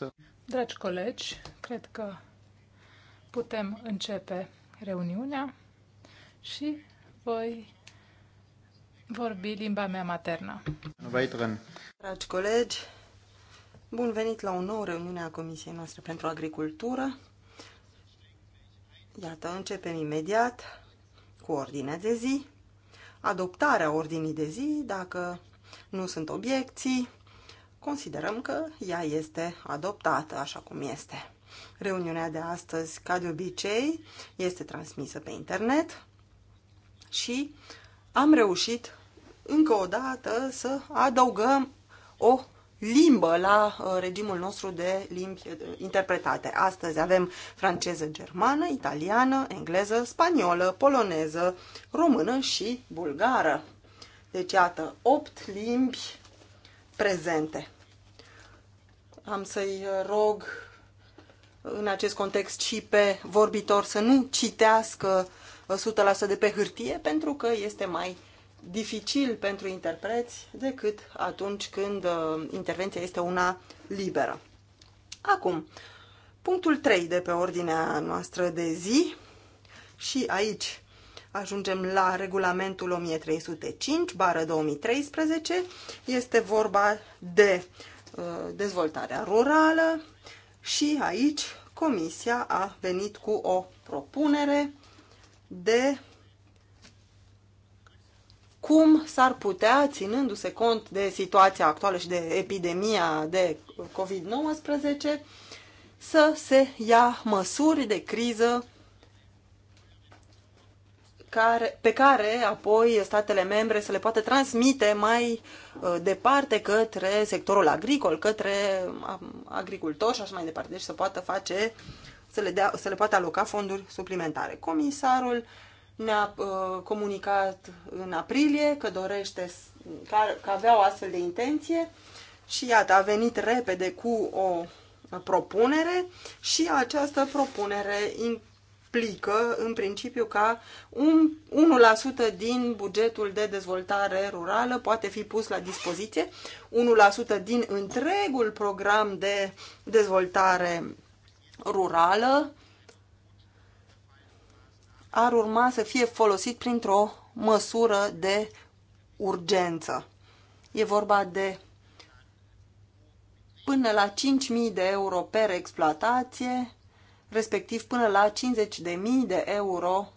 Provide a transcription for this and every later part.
colleagues. Dragi colegi, cred că putem începe reuniunea și voi vorbi limba mea maternă. Dragi colegi, bun venit la o nouă reuniune a Comisiei noastre pentru Agricultură. Iată, începem imediat cu ordinea de zi, adoptarea ordinii de zi, dacă nu sunt obiecții, considerăm că ea este adoptată așa cum este. Reuniunea de astăzi, ca de obicei, este transmisă pe internet și am reușit încă o dată să adăugăm o limbă la uh, regimul nostru de limbi uh, interpretate. Astăzi avem franceză, germană, italiană, engleză, spaniolă, poloneză, română și bulgară. Deci, iată, opt limbi prezente. Am să-i uh, rog în acest context și pe vorbitor să nu citească uh, 100% de pe hârtie pentru că este mai dificil pentru interpreți decât atunci când uh, intervenția este una liberă. Acum, punctul 3 de pe ordinea noastră de zi și aici ajungem la regulamentul 1305, bară 2013. Este vorba de uh, dezvoltarea rurală și aici Comisia a venit cu o propunere de cum s-ar putea, ținându-se cont de situația actuală și de epidemia de COVID-19, să se ia măsuri de criză care, pe care apoi statele membre să le poată transmite mai uh, departe către sectorul agricol, către um, agricultori și așa mai departe. Deci să poată face, să le, dea, să le poată aloca fonduri suplimentare. Comisarul ne-a uh, comunicat în aprilie că dorește, că, că avea o astfel de intenție și iată, a venit repede cu o propunere și această propunere explică, în principiu, ca un, 1% din bugetul de dezvoltare rurală poate fi pus la dispoziție, 1% din întregul program de dezvoltare rurală ar urma să fie folosit printr-o măsură de urgență. E vorba de până la 5.000 de euro per exploatație, respectiv până la 50.000 de euro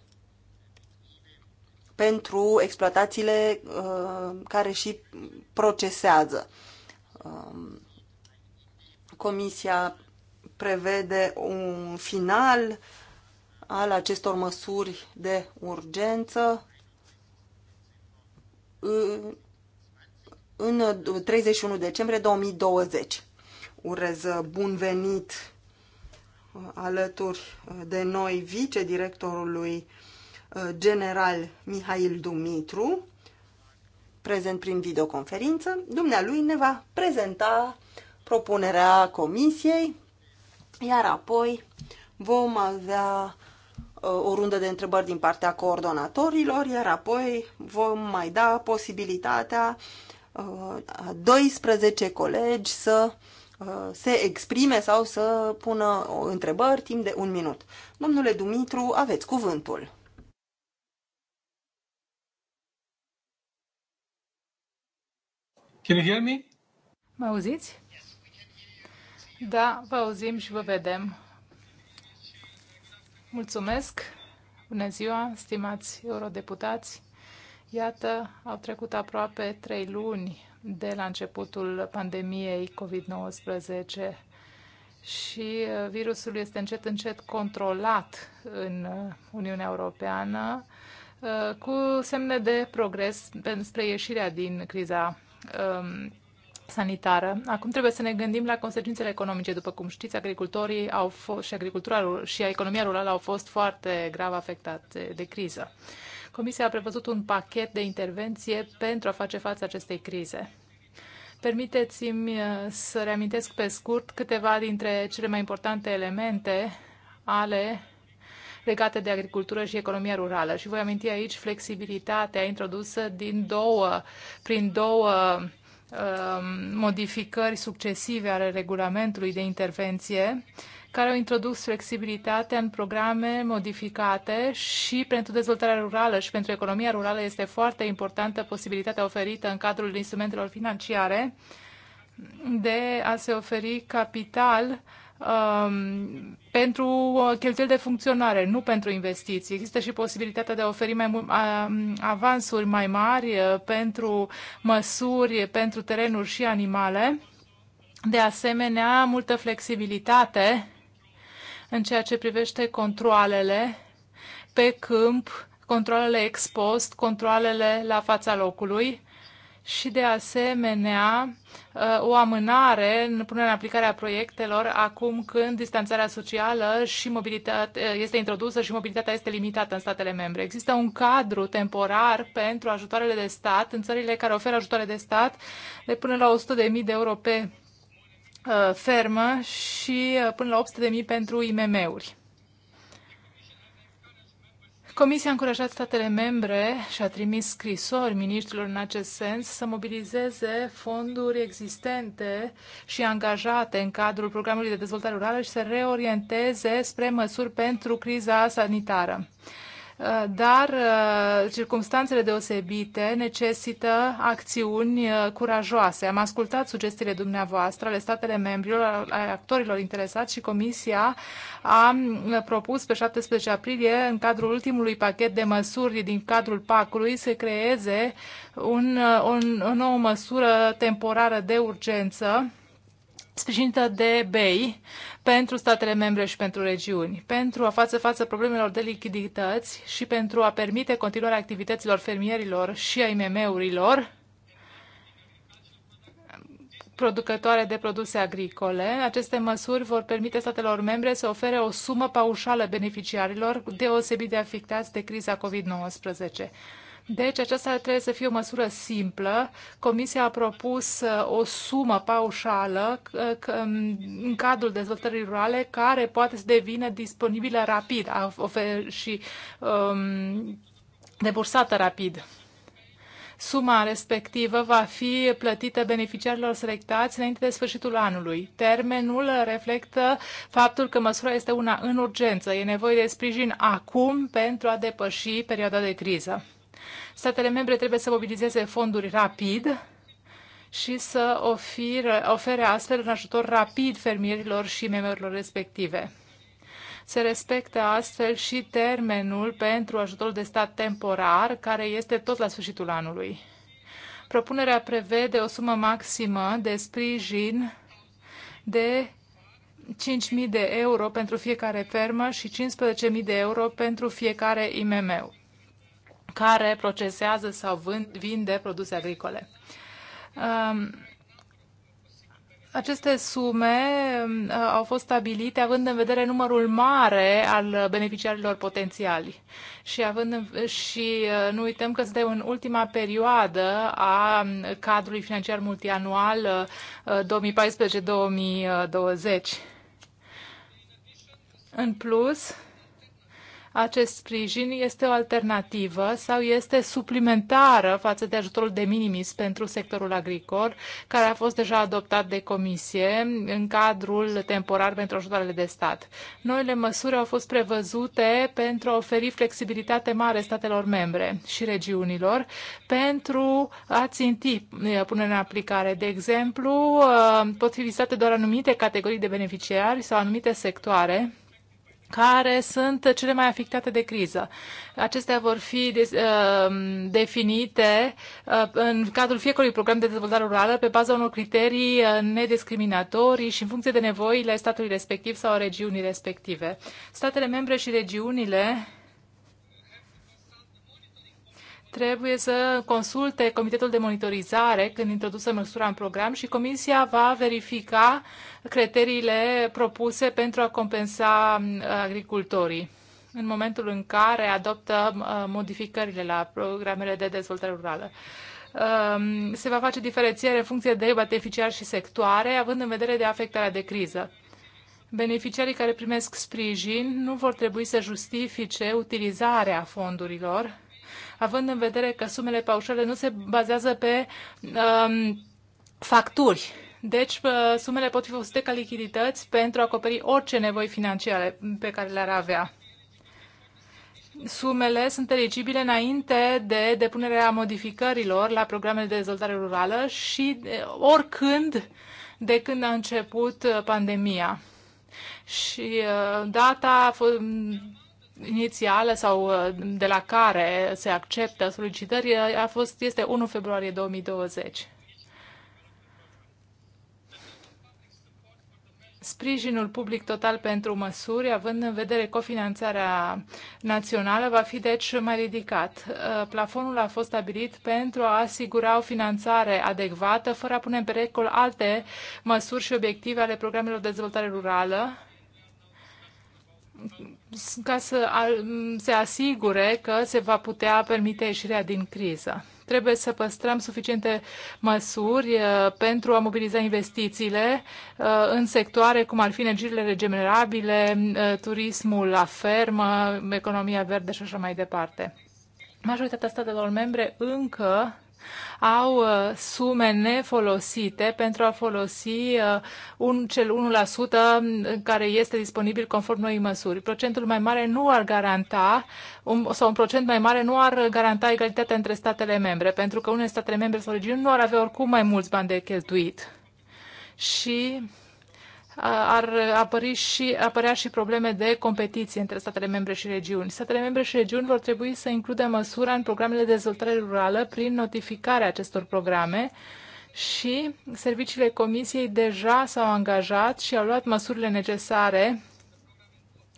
pentru exploatațiile uh, care și procesează. Um, comisia prevede un final al acestor măsuri de urgență în 31 decembrie 2020. Urez bun venit alături uh, de noi vicedirectorului uh, general Mihail Dumitru, prezent prin videoconferință. Dumnealui ne va prezenta propunerea comisiei, iar apoi vom avea uh, o rundă de întrebări din partea coordonatorilor, iar apoi vom mai da posibilitatea a 12 colegi să uh, Uh, se exprime sau să pună o întrebări timp de un minut. Domnule Dumitru, aveți cuvântul. Can you hear me? Mă auziți? Da, vă auzim și vă vedem. Mulțumesc. Bună ziua, stimați eurodeputați. Iată, au trecut aproape trei luni de la începutul pandemiei COVID-19 și uh, virusul este încet, încet controlat în uh, Uniunea Europeană uh, cu semne de progres spre ieșirea din criza um, sanitară. Acum trebuie să ne gândim la consecințele economice. După cum știți, agricultorii au fost, și agricultura și economia rurală au fost foarte grav afectate de criză. Comisia a prevăzut un pachet de intervenție pentru a face față acestei crize. Permiteți-mi uh, să reamintesc pe scurt câteva dintre cele mai importante elemente ale legate de agricultură și economia rurală. Și voi aminti aici flexibilitatea introdusă din două, prin două Um, modificări succesive ale regulamentului de intervenție care au introdus flexibilitatea în programe modificate și pentru dezvoltarea rurală și pentru economia rurală este foarte importantă posibilitatea oferită în cadrul instrumentelor financiare de a se oferi capital uh, um, pentru cheltuieli de funcționare, nu pentru investiții. Există și posibilitatea de a oferi mai mult, um, avansuri mai mari uh, pentru măsuri, pentru terenuri și animale. De asemenea, multă flexibilitate în ceea ce privește controlele pe câmp, controlele ex post, controlele la fața locului și, de asemenea, uh, o amânare în punerea în aplicare a proiectelor acum când distanțarea socială și mobilitate uh, este introdusă și mobilitatea este limitată în statele membre. Există un cadru temporar pentru ajutoarele de stat în țările care oferă ajutoare de stat de până la 100.000 de euro pe uh, fermă și până la 800.000 pentru IMM-uri. Comisia a încurajat statele membre și a trimis scrisori ministrilor în acest sens să mobilizeze fonduri existente și angajate în cadrul programului de dezvoltare rurală și să reorienteze spre măsuri pentru criza sanitară. Uh, dar uh, circumstanțele deosebite necesită acțiuni uh, curajoase. Am ascultat sugestiile dumneavoastră ale statele membrilor, ale actorilor interesați și Comisia a propus pe 17 aprilie, în cadrul ultimului pachet de măsuri din cadrul PAC-ului, să creeze un, un, o nouă măsură temporară de urgență sprijinită de BEI pentru statele membre și pentru regiuni, pentru a face față problemelor de lichidități și pentru a permite continuarea activităților fermierilor și a IMM-urilor producătoare de produse agricole. Aceste măsuri vor permite statelor membre să ofere o sumă paușală beneficiarilor deosebit de afectați de criza COVID-19. Deci aceasta trebuie să fie o măsură simplă. Comisia a propus uh, o sumă paușală uh, um, în cadrul dezvoltării rurale care poate să devină disponibilă rapid și um, debursată rapid. Suma respectivă va fi plătită beneficiarilor selectați înainte de sfârșitul anului. Termenul reflectă faptul că măsura este una în urgență. E nevoie de sprijin acum pentru a depăși perioada de criză. Statele membre trebuie să mobilizeze fonduri rapid și să ofere, ofere astfel un ajutor rapid fermierilor și membrilor respective. Se respectă astfel și termenul pentru ajutorul de stat temporar, care este tot la sfârșitul anului. Propunerea prevede o sumă maximă de sprijin de 5.000 de euro pentru fiecare fermă și 15.000 de euro pentru fiecare IMM care procesează sau vând, vinde produse agricole. Um, aceste sume um, uh, au fost stabilite având în vedere numărul mare al beneficiarilor potențiali și, având în, și uh, nu uităm că suntem în ultima perioadă a um, cadrului financiar multianual 2014-2020. Uh, în plus, acest sprijin este o alternativă sau este suplimentară față de ajutorul de minimis pentru sectorul agricol, care a fost deja adoptat de comisie în cadrul temporar pentru ajutoarele de stat. Noile măsuri au fost prevăzute pentru a oferi flexibilitate mare statelor membre și regiunilor pentru a ținti eh, punerea în aplicare. De exemplu, eh, pot fi vizate doar anumite categorii de beneficiari sau anumite sectoare care sunt cele mai afectate de criză. Acestea vor fi de, uh, definite uh, în cadrul fiecărui program de dezvoltare rurală pe baza unor criterii uh, nediscriminatorii și în funcție de nevoile statului respectiv sau a regiunii respective. Statele membre și regiunile trebuie să consulte Comitetul de Monitorizare când introdusă măsura în program și Comisia va verifica criteriile propuse pentru a compensa agricultorii în momentul în care adoptă modificările la programele de dezvoltare rurală. Se va face diferențiere în funcție de beneficiari și sectoare, având în vedere de afectarea de criză. Beneficiarii care primesc sprijin nu vor trebui să justifice utilizarea fondurilor având în vedere că sumele paușale nu se bazează pe um, facturi. Deci, uh, sumele pot fi folosite ca lichidități pentru a acoperi orice nevoi financiare pe care le-ar avea. Sumele sunt eligibile înainte de depunerea modificărilor la programele de dezvoltare rurală și uh, oricând de când a început uh, pandemia. Și data inițiale sau uh, de la care se acceptă solicitări uh, a fost, este 1 februarie 2020. Sprijinul public total pentru măsuri, având în vedere cofinanțarea națională, va fi deci mai ridicat. Uh, plafonul a fost stabilit pentru a asigura o finanțare adecvată, fără a pune în pericol alte măsuri și obiective ale programelor de dezvoltare rurală ca să se asigure că se va putea permite ieșirea din criză. Trebuie să păstrăm suficiente măsuri uh, pentru a mobiliza investițiile uh, în sectoare cum ar fi energiile regenerabile, uh, turismul la fermă, economia verde și așa mai departe. Majoritatea statelor membre încă au uh, sume nefolosite pentru a folosi uh, un, cel 1% mm, care este disponibil conform noii măsuri. Procentul mai mare nu ar garanta, un, sau un procent mai mare nu ar garanta egalitatea între statele membre, pentru că unele statele membre sau regiuni nu ar avea oricum mai mulți bani de cheltuit. Și ar apări și, apărea și probleme de competiție între statele membre și regiuni. Statele membre și regiuni vor trebui să includă măsura în programele de dezvoltare rurală prin notificarea acestor programe și serviciile Comisiei deja s-au angajat și au luat măsurile necesare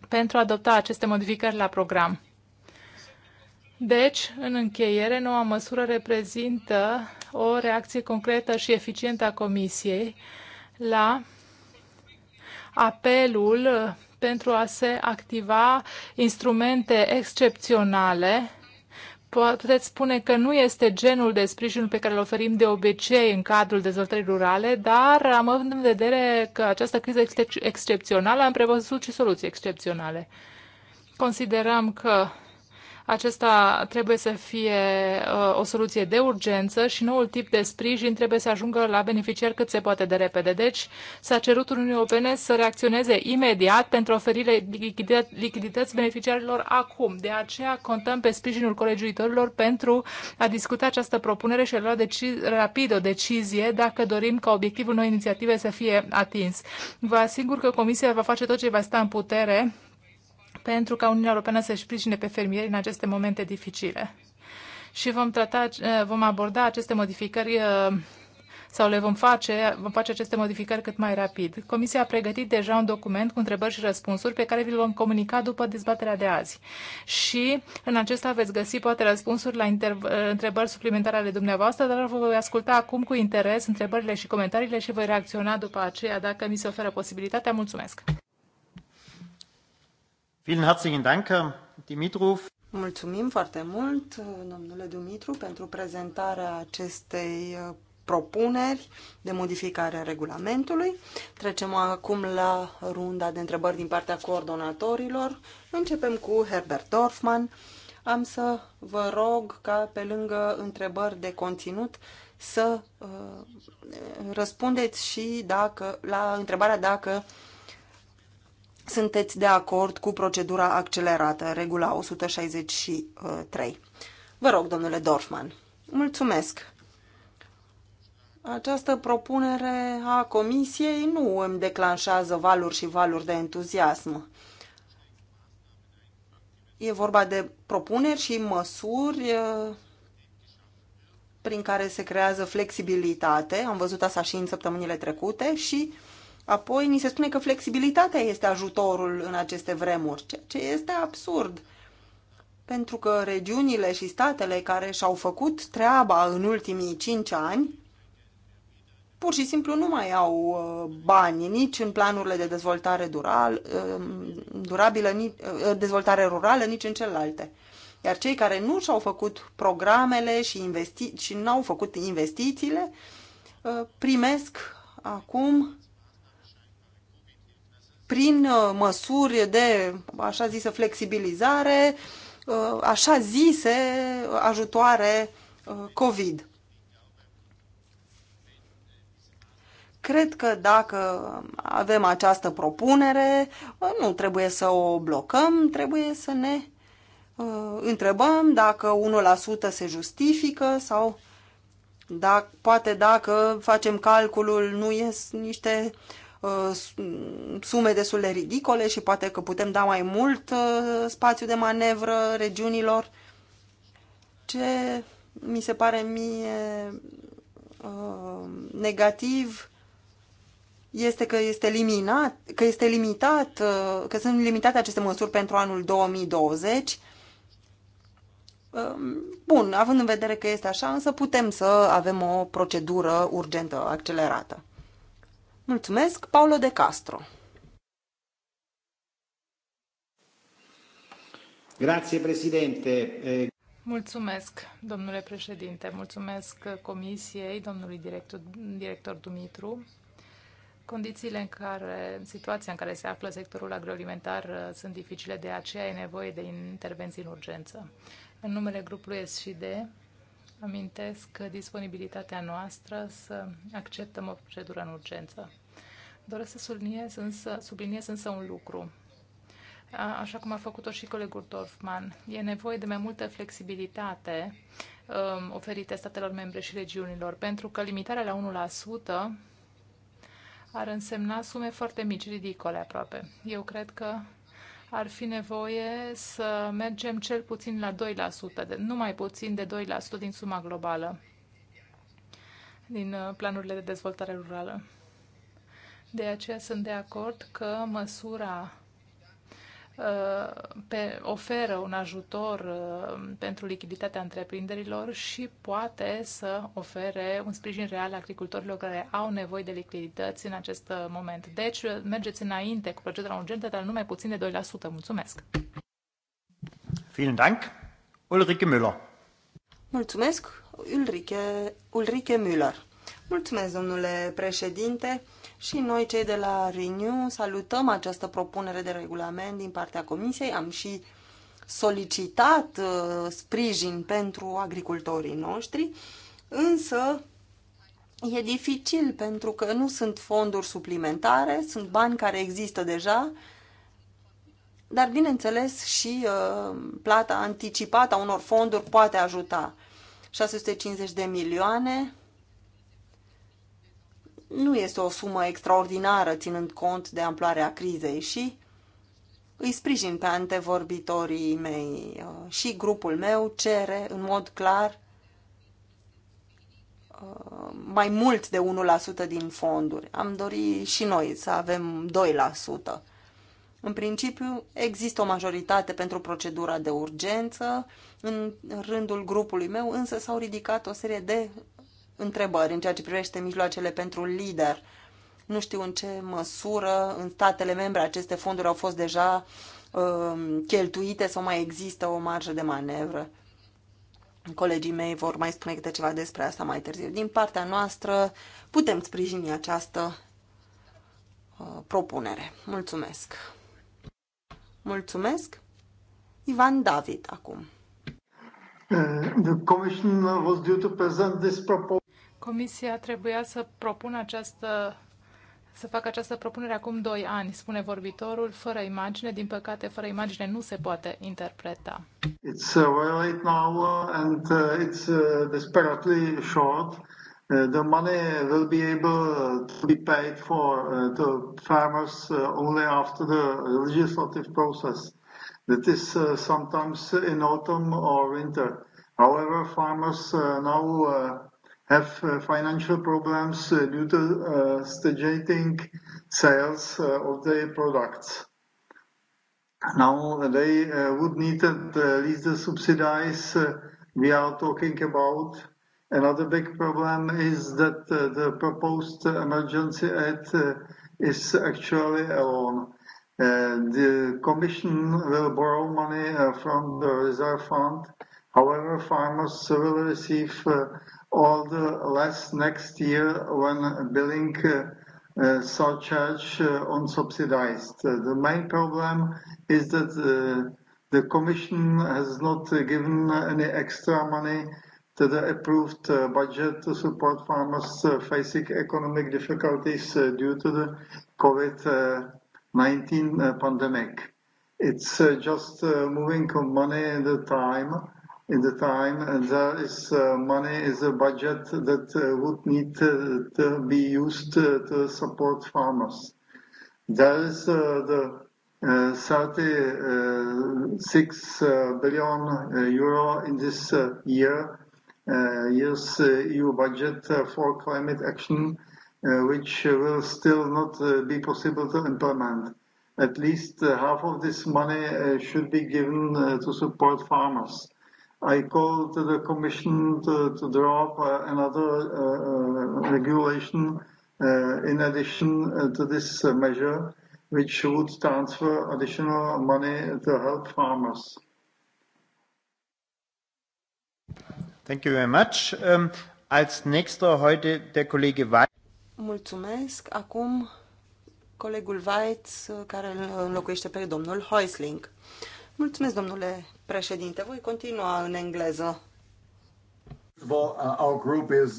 pentru a adopta aceste modificări la program. Deci, în încheiere, noua măsură reprezintă o reacție concretă și eficientă a Comisiei la apelul uh, pentru a se activa instrumente excepționale puteți spune că nu este genul de sprijin pe care îl oferim de obicei în cadrul dezvoltării rurale, dar am avut în vedere că această criză este excepțională, am prevăzut și soluții excepționale. Considerăm că acesta trebuie să fie uh, o soluție de urgență și noul tip de sprijin trebuie să ajungă la beneficiar cât se poate de repede. Deci s-a cerut Uniunii Europene să reacționeze imediat pentru a oferi lichidități beneficiarilor acum. De aceea contăm pe sprijinul colegiuitorilor pentru a discuta această propunere și a lua deci- rapid o decizie dacă dorim ca obiectivul noi inițiative să fie atins. Vă asigur că Comisia va face tot ce va sta în putere pentru ca Uniunea Europeană să-și sprijine pe fermieri în aceste momente dificile. Și vom, trata, eh, vom aborda aceste modificări eh, sau le vom face, vom face aceste modificări cât mai rapid. Comisia a pregătit deja un document cu întrebări și răspunsuri pe care vi-l vom comunica după dezbaterea de azi. Și în acesta veți găsi poate răspunsuri la eh, întrebări suplimentare ale dumneavoastră, dar vă voi asculta acum cu interes întrebările și comentariile și voi reacționa după aceea dacă mi se oferă posibilitatea. Mulțumesc! Vielen herzlichen Dank, Dimitru. Mulțumim foarte mult, domnule Dumitru, pentru prezentarea acestei uh, propuneri de modificare a regulamentului. Trecem acum la runda de întrebări din partea coordonatorilor. Începem cu Herbert Dorfman. Am să vă rog ca pe lângă întrebări de conținut să uh, răspundeți și dacă, la întrebarea dacă uh, sunteți de acord cu procedura accelerată, regula 163. Vă rog, domnule Dorfman. Mulțumesc. Această propunere a comisiei nu îmi declanșează valuri și valuri de entuziasm. E vorba de propuneri și măsuri prin care se creează flexibilitate. Am văzut asta și în săptămânile trecute și Apoi ni se spune că flexibilitatea este ajutorul în aceste vremuri, ceea ce este absurd. Pentru că regiunile și statele care și-au făcut treaba în ultimii cinci ani, pur și simplu nu mai au uh, bani nici în planurile de dezvoltare dural, um, durabilă, nici, uh, dezvoltare rurală, nici în celelalte. Iar cei care nu și-au făcut programele și, investi- și nu au făcut investițiile, uh, primesc acum prin uh, măsuri de așa zisă flexibilizare, uh, așa zise uh, ajutoare COVID. Cred că dacă avem această propunere, nu trebuie să o blocăm, trebuie să ne întrebăm dacă 1% se justifică sau dacă, poate dacă facem calculul, nu ies niște uh, Uh, sume destul de ridicole și poate că putem da mai mult uh, spațiu de manevră regiunilor. Ce mi se pare mie uh, negativ este că este eliminat, că este limitat, că sunt limitate aceste măsuri pentru anul 2020. Um, bun, având în vedere că este așa, însă putem să avem o procedură urgentă, accelerată. Mulțumesc, Paulo de Castro. Grazie, președinte. Mulțumesc, domnule președinte. Mulțumesc comisiei, domnului director, director Dumitru. Condițiile în care, situația în care se află sectorul agroalimentar uh, sunt dificile, de aceea e nevoie de intervenții în urgență. În numele grupului SCD, amintesc disponibilitatea noastră să acceptăm o procedură în urgență. Doresc să subliniez însă, subliniez însă un lucru, așa cum a făcut-o și colegul Dorfman. E nevoie de mai multă flexibilitate um, oferite statelor membre și regiunilor, pentru că limitarea la 1% ar însemna sume foarte mici, ridicole aproape. Eu cred că ar fi nevoie să mergem cel puțin la 2%, de, nu mai puțin de 2% din suma globală din uh, planurile de dezvoltare rurală. De aceea sunt de acord că măsura Uh, pe, oferă un ajutor uh, pentru lichiditatea întreprinderilor și poate să ofere un sprijin real agricultorilor care au nevoie de lichidități în acest uh, moment. Deci, mergeți înainte cu procedura urgentă, dar numai puțin de 2%. Mulțumesc! Vielen Dank, Ulrike Müller. Mulțumesc, Ulrike, Ulrike Müller. Mulțumesc, domnule președinte, și noi cei de la Renew salutăm această propunere de regulament din partea Comisiei. Am și solicitat uh, sprijin pentru agricultorii noștri, însă e dificil pentru că nu sunt fonduri suplimentare, sunt bani care există deja, dar bineînțeles și uh, plata anticipată a unor fonduri poate ajuta. 650 de milioane nu este o sumă extraordinară ținând cont de amploarea crizei și îi sprijin pe antevorbitorii mei uh, și grupul meu cere în mod clar uh, mai mult de 1% din fonduri. Am dorit și noi să avem 2%. În principiu, există o majoritate pentru procedura de urgență. În rândul grupului meu, însă, s-au ridicat o serie de întrebări în ceea ce privește mijloacele pentru lider. Nu știu în ce măsură în statele membre aceste fonduri au fost deja uh, cheltuite sau mai există o marjă de manevră. Colegii mei vor mai spune câte ceva despre asta mai târziu. Din partea noastră putem sprijini această uh, propunere. Mulțumesc! Mulțumesc! Ivan David acum. Uh, the Commission was due to present this proposal. Comisia trebuia să propună această să facă această propunere acum 2 ani, spune vorbitorul, fără imagine. Din păcate, fără imagine nu se poate interpreta. It's very uh, late now uh, and uh, it's desperately short. the money will be able to be paid for the farmers only after the legislative process. That is sometimes in autumn or winter. However, farmers now have uh, financial problems uh, due to uh, stagnating sales of their products. Now, they would need at least the subsidies we are talking about. Another big problem is that the proposed emergency aid is actually a loan. The commission will borrow money from the reserve fund. However, farmers will receive all the less next year when billing uh, surcharge on uh, subsidized. Uh, the main problem is that the commission has not given any extra money to the approved budget to support farmers facing economic difficulties due to the COVID-19 pandemic. It's just moving money in the time in the time, and there is uh, money is a budget that uh, would need to be used uh, to support farmers. There is the 36 billion euro in this year year's EU budget for climate action, which will still not be possible to implement. At least half of this money should be given to support farmers. I call to the Commission to, to draw up uh, another uh, uh, regulation uh, in addition uh, to this uh, measure, which would transfer additional money to help farmers. Thank you very much. Um, als nächster heute der Kollege Weiz. Mulțumesc. Acum colegul Weiz, care îl înlocuiește pe domnul Heusling. Mulțumesc, domnule Președinte, voi continua în engleză. Uh,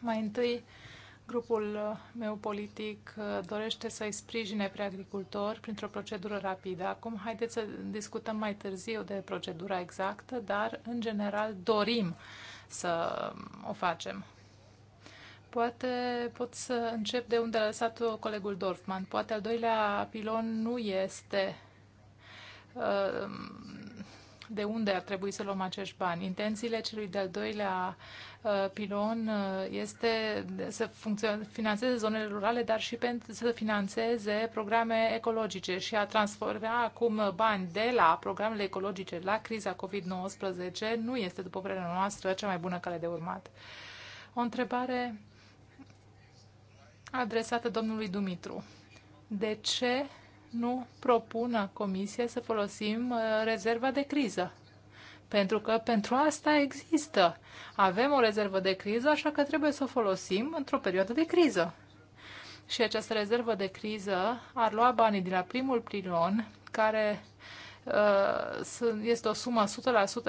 mai întâi, grupul uh, meu politic uh, dorește să-i sprijine pe agricultori printr-o procedură rapidă. Acum, haideți să discutăm mai târziu de procedura exactă, dar, în general, dorim să um, o facem. Poate pot să încep de unde a lăsat colegul Dorfman. Poate al doilea pilon nu este uh, um, de unde ar trebui să luăm acești bani. Intențiile celui de-al doilea uh, pilon uh, este să financeze zonele rurale, dar și pentru să financeze programe ecologice și a transforma acum bani de la programele ecologice la criza COVID-19 nu este, după părerea noastră, cea mai bună cale de urmat. O întrebare adresată domnului Dumitru. De ce nu propună comisie să folosim uh, rezerva de criză. Pentru că pentru asta există. Avem o rezervă de criză, așa că trebuie să o folosim într-o perioadă de criză. Și această rezervă de criză ar lua banii din la primul pilon, care Uh, este o sumă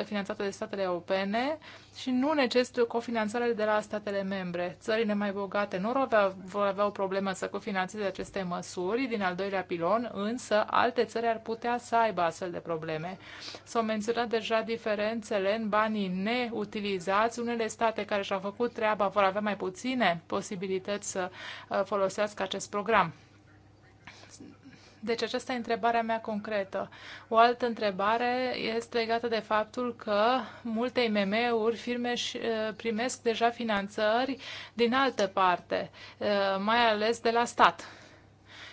100% finanțată de statele europene și nu necesită cofinanțare de la statele membre. Țările mai bogate nu avea, vor avea o problemă să cofinanțeze aceste măsuri din al doilea pilon, însă alte țări ar putea să aibă astfel de probleme. S-au menționat deja diferențele în banii neutilizați. Unele state care și-au făcut treaba vor avea mai puține posibilități să uh, folosească acest program. Deci aceasta e întrebarea mea concretă. O altă întrebare este legată de faptul că multe IMM-uri, firme primesc deja finanțări din altă parte, mai ales de la stat.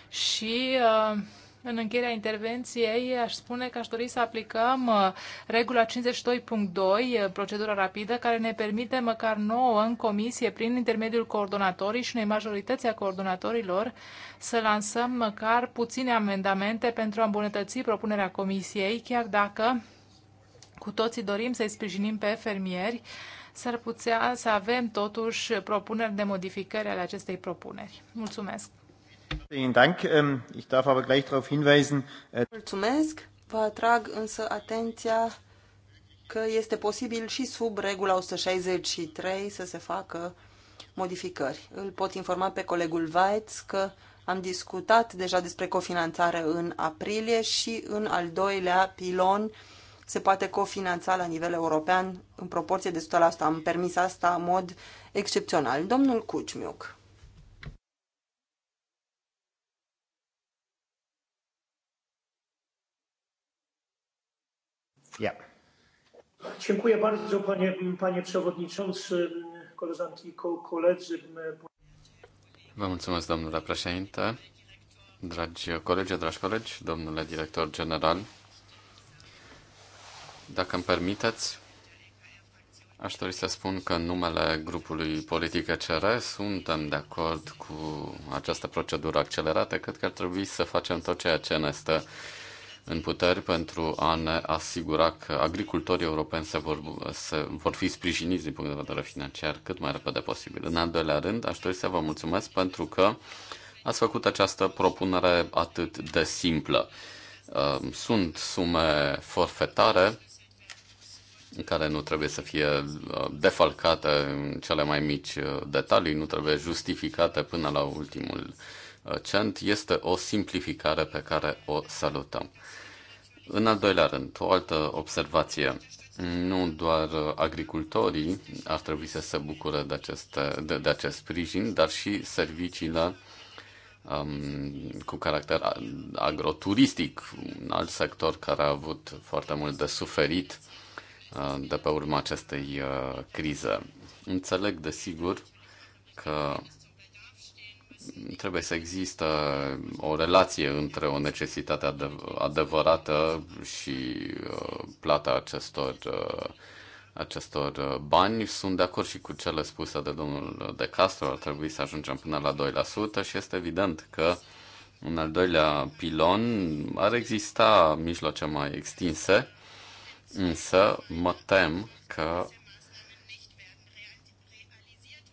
Și în încheierea intervenției aș spune că aș dori să aplicăm uh, regula 52.2, procedura rapidă, care ne permite măcar nouă în comisie, prin intermediul coordonatorii și unei majorități a coordonatorilor, să lansăm măcar puține amendamente pentru a îmbunătăți propunerea comisiei, chiar dacă cu toții dorim să-i sprijinim pe fermieri, s-ar putea să avem totuși propuneri de modificări ale acestei propuneri. Mulțumesc! Ähm, äh, Mulțumesc, vă atrag însă atenția că este posibil și sub regula 163 să se facă modificări. Îl pot informa pe colegul Weitz că am discutat deja despre cofinanțare în aprilie și în al doilea pilon se poate cofinanța la nivel european în proporție de 100%. Am permis asta în mod excepțional. Domnul Cuciumiuc. Dziękuję bardzo panie, panie przewodniczący, koleżanki i koledzy. Vă mulțumesc, domnule președinte, dragi colegi, dragi colegi, domnule director general. Dacă îmi permiteți, aș dori să spun că în numele grupului politic ECR suntem de acord cu această procedură accelerată. Cred că ar trebui să facem tot ceea ce ne stă în puteri pentru a ne asigura că agricultorii europeni se vor, se vor fi sprijiniți din punct de vedere financiar cât mai repede posibil. În al doilea rând, aș dori să vă mulțumesc pentru că ați făcut această propunere atât de simplă. Uh, sunt sume forfetare care nu trebuie să fie uh, defalcate în cele mai mici uh, detalii, nu trebuie justificate până la ultimul cent. Este o simplificare pe care o salutăm. În al doilea rând, o altă observație. Nu doar agricultorii ar trebui să se bucure de acest, de, de acest sprijin, dar și serviciile um, cu caracter agroturistic, un alt sector care a avut foarte mult de suferit uh, de pe urma acestei uh, crize. Înțeleg, desigur, că trebuie să există o relație între o necesitate adev- adevărată și uh, plata acestor, uh, acestor uh, bani. Sunt de acord și cu cele spuse de domnul De Castro, ar trebui să ajungem până la 2% și este evident că în al doilea pilon ar exista mijloace mai extinse, însă mă tem că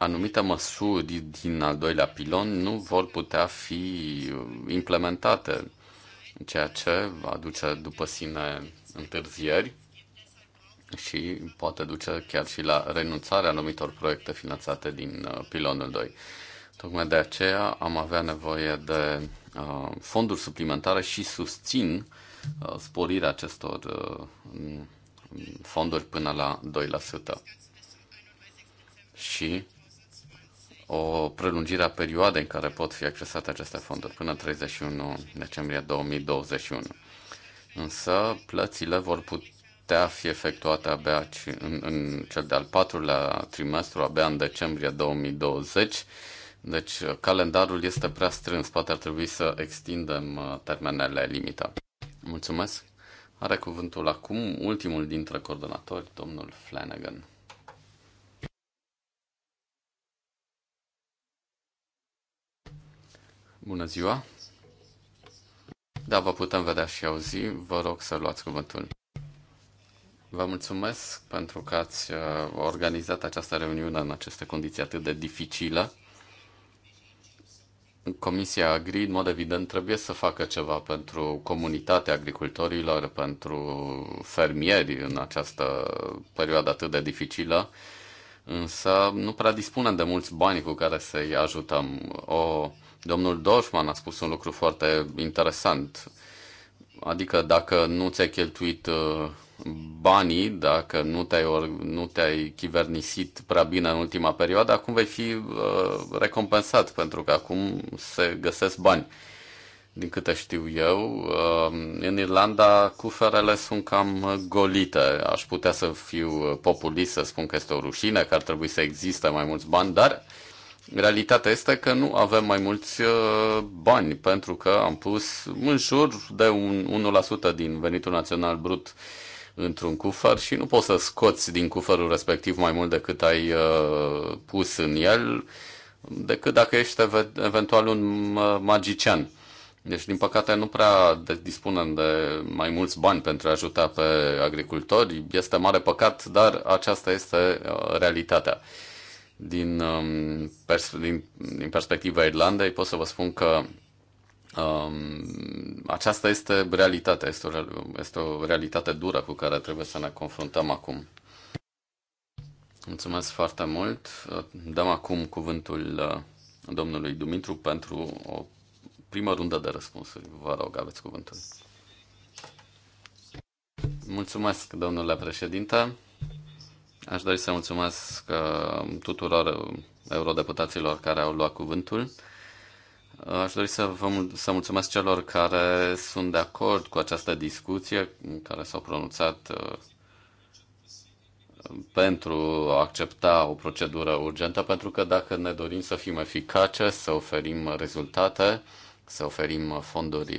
anumite măsuri din al doilea pilon nu vor putea fi uh, implementate, ceea ce aduce după sine întârzieri și poate duce chiar și la renunțarea anumitor proiecte finanțate din uh, pilonul 2. Tocmai de aceea am avea nevoie de uh, fonduri suplimentare și susțin uh, sporirea acestor uh, fonduri până la 2%. Și o prelungire a perioadei în care pot fi accesate aceste fonduri până 31 decembrie 2021. Însă plățile vor putea fi efectuate abia în, în cel de-al patrulea trimestru, abia în decembrie 2020. Deci calendarul este prea strâns, poate ar trebui să extindem uh, termenele limită. Mulțumesc! Are cuvântul acum ultimul dintre coordonatori, domnul Flanagan. Bună ziua! Da, vă putem vedea și auzi. Vă rog să luați cuvântul. Vă mulțumesc pentru că ați uh, organizat această reuniune în aceste condiții atât de dificile. Comisia Agri, în mod evident, trebuie să facă ceva pentru comunitatea agricultorilor, pentru fermieri în această perioadă atât de dificilă, însă nu prea dispunem de mulți bani cu care să-i ajutăm. O Domnul Dorfman a spus un lucru foarte interesant. Adică dacă nu ți-ai cheltuit uh, banii, dacă nu te-ai, nu te-ai chivernisit prea bine în ultima perioadă, acum vei fi uh, recompensat, pentru că acum se găsesc bani. Din câte știu eu, uh, în Irlanda cuferele sunt cam golite. Aș putea să fiu populist, să spun că este o rușine, că ar trebui să existe mai mulți bani, dar Realitatea este că nu avem mai mulți uh, bani pentru că am pus în jur de un 1% din venitul național brut într-un cufăr și nu poți să scoți din cufărul respectiv mai mult decât ai uh, pus în el, decât dacă ești eventual un magician. Deci, din păcate, nu prea dispunem de mai mulți bani pentru a ajuta pe agricultori. Este mare păcat, dar aceasta este uh, realitatea. Din, um, pers- din, din perspectiva Irlandei pot să vă spun că um, aceasta este realitatea, este o, este o realitate dură cu care trebuie să ne confruntăm acum. Mulțumesc foarte mult. Dăm acum cuvântul uh, domnului Dumitru pentru o primă rundă de răspunsuri. Vă rog, aveți cuvântul. Mulțumesc, domnule președinte. Aș dori să mulțumesc uh, tuturor uh, eurodeputaților care au luat cuvântul. Uh, aș dori să vă să mulțumesc celor care sunt de acord cu această discuție, care s-au pronunțat pentru a accepta o procedură urgentă, pentru că dacă ne dorim să fim eficace, să oferim rezultate, să oferim fonduri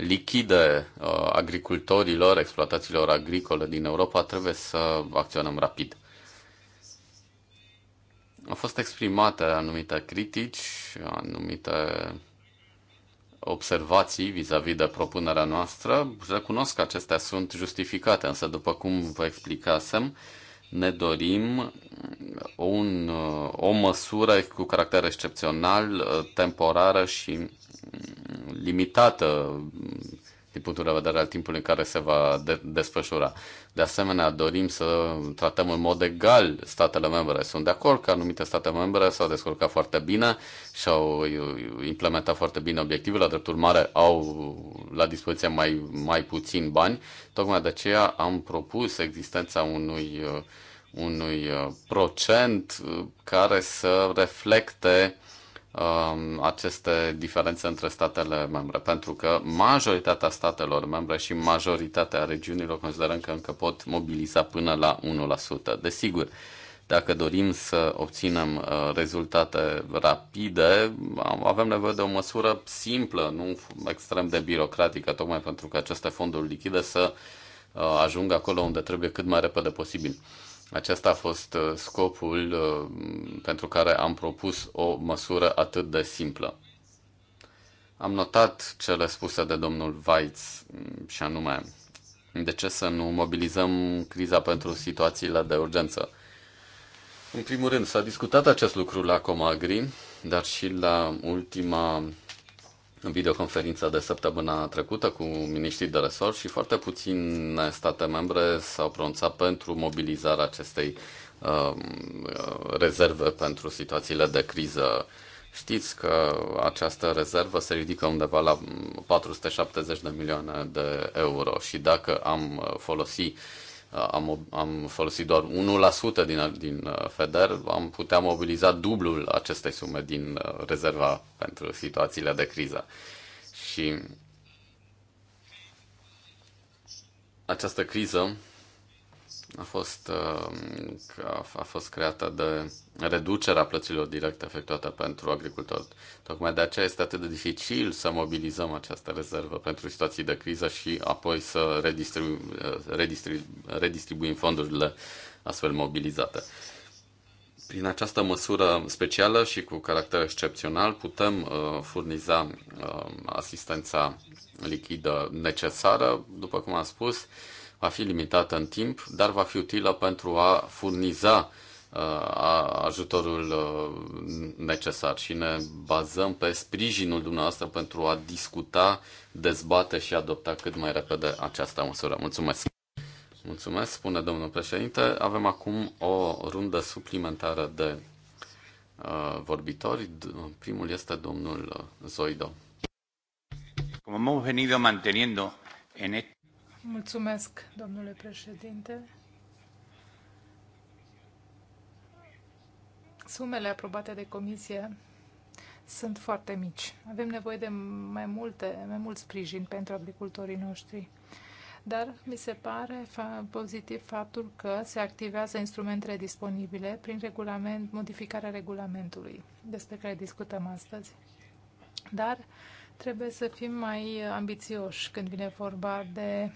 lichide uh, agricultorilor, exploatațiilor agricole din Europa, trebuie să acționăm rapid. Au fost exprimate anumite critici, anumite observații vis-a-vis -vis de propunerea noastră. Recunosc că acestea sunt justificate, însă, după cum vă explicasem, ne dorim un, o măsură cu caracter excepțional, uh, temporară și limitată din punctul de vedere al timpului în care se va de- desfășura. De asemenea, dorim să tratăm în mod egal statele membre. Sunt de acord că anumite state membre s-au descurcat foarte bine și au implementat foarte bine obiectivele, drept urmare au la dispoziție mai, mai puțin bani. Tocmai de aceea am propus existența unui, unui procent care să reflecte uh, Um, aceste diferențe între statele membre, pentru că majoritatea statelor membre și majoritatea regiunilor considerăm că încă pot mobiliza până la 1%. Desigur, dacă dorim să obținem uh, rezultate rapide, avem nevoie de o măsură simplă, nu extrem de birocratică, tocmai pentru că aceste fonduri lichide să uh, ajungă acolo unde trebuie cât mai repede posibil. Acesta a fost uh, scopul uh, pentru care am propus o măsură atât de simplă. Am notat cele spuse de domnul Weitz mm, și anume, de ce să nu mobilizăm criza pentru situațiile de urgență? În primul rând, s-a discutat acest lucru la Comagri, dar și la ultima în videoconferința de săptămâna trecută cu miniștrii de resort și foarte puțin state membre s-au pronunțat pentru mobilizarea acestei uh, rezerve pentru situațiile de criză. Știți că această rezervă se ridică undeva la 470 um, de milioane de euro și dacă am uh, folosit Uh, am, am folosit doar 1% din, din uh, FEDER, am putea mobiliza dublul acestei sume din uh, rezerva pentru situațiile de criză. Și această criză a fost, uh, a fost creată de reducerea plăților directe efectuate pentru agricultori. Tocmai de aceea este atât de dificil să mobilizăm această rezervă pentru situații de criză și apoi să redistribuim, uh, redistribuim, redistribuim fondurile astfel mobilizate. Prin această măsură specială și cu caracter excepțional putem uh, furniza uh, asistența lichidă necesară, după cum am spus, uh, va fi limitată în timp, dar va fi utilă pentru a furniza uh, ajutorul uh, necesar și ne bazăm pe sprijinul dumneavoastră pentru a discuta, dezbate și adopta cât mai repede această măsură. Mulțumesc! Mulțumesc, spune domnul președinte. Avem acum o rundă suplimentară de uh, vorbitori. Primul este domnul Zoido. Como hemos venido manteniendo en Mulțumesc, domnule președinte. Sumele aprobate de comisie sunt foarte mici. Avem nevoie de mai, multe, mai mult sprijin pentru agricultorii noștri. Dar mi se pare fa pozitiv faptul că se activează instrumentele disponibile prin regulament, modificarea regulamentului despre care discutăm astăzi. Dar uh, Trebuie să fim mai ambițioși când vine vorba de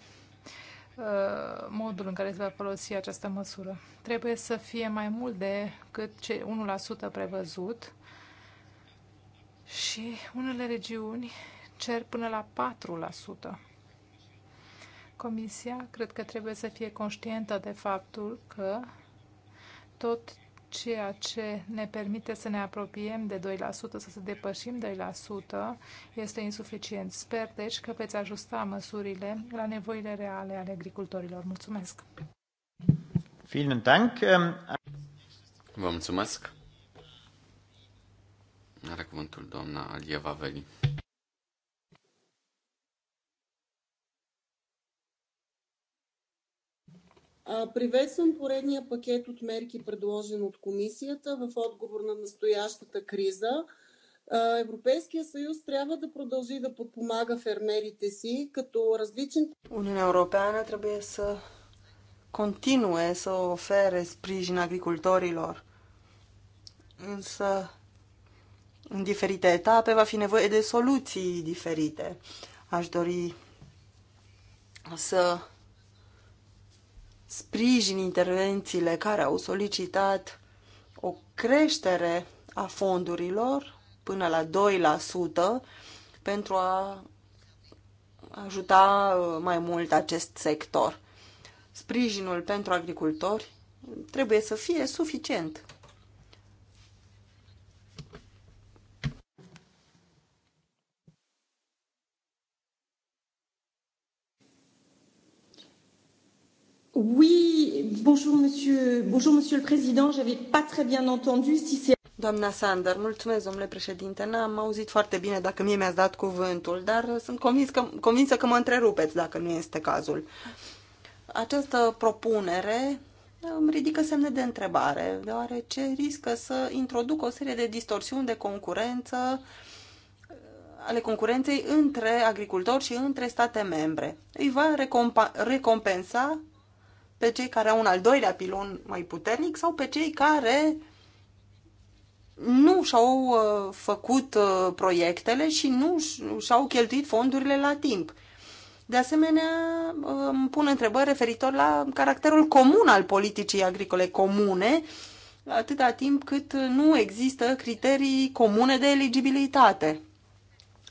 uh, modul în care se va folosi această măsură. Trebuie să fie mai mult decât 1% prevăzut și unele regiuni cer până la 4%. Comisia cred că trebuie să fie conștientă de faptul că tot ceea ce ne permite să ne apropiem de 2%, să se depășim 2%, este insuficient. Sper, deci, că veți ajusta măsurile la nevoile reale ale agricultorilor. Mulțumesc! Vielen Dank. Ähm, Vă mulțumesc. Are cuvântul doamna Alieva Veli. Приветствам поредния пакет от мерки, предложен от Комисията в отговор на настоящата криза. Европейския съюз трябва да продължи да подпомага фермерите си, като различен... Uniunea Europeană trebuie să continue să ofere sprijin agricultorilor. Însă, în diferite etape, va fi nevoie de soluții diferite. Aș dori să sprijin intervențiile care au solicitat o creștere a fondurilor până la 2% pentru a ajuta uh, mai mult acest sector. Sprijinul pentru agricultori trebuie să fie suficient. Oui, bonjour monsieur, bonjour monsieur le président, j'avais pas très bien entendu si c'est Doamna Sander, mulțumesc, domnule președinte. N-am auzit foarte bine dacă mie mi-ați dat cuvântul, dar sunt convins că, convinsă că mă întrerupeți dacă nu este cazul. Această propunere îmi ridică semne de întrebare, deoarece riscă să introducă o serie de distorsiuni de concurență ale concurenței între agricultori și între state membre. Îi va recompensa pe cei care au un al doilea pilon mai puternic sau pe cei care nu și-au uh, făcut uh, proiectele și nu și-au cheltuit fondurile la timp. De asemenea, uh, îmi pun întrebări referitor la caracterul comun al politicii agricole comune, atâta timp cât nu există criterii comune de eligibilitate.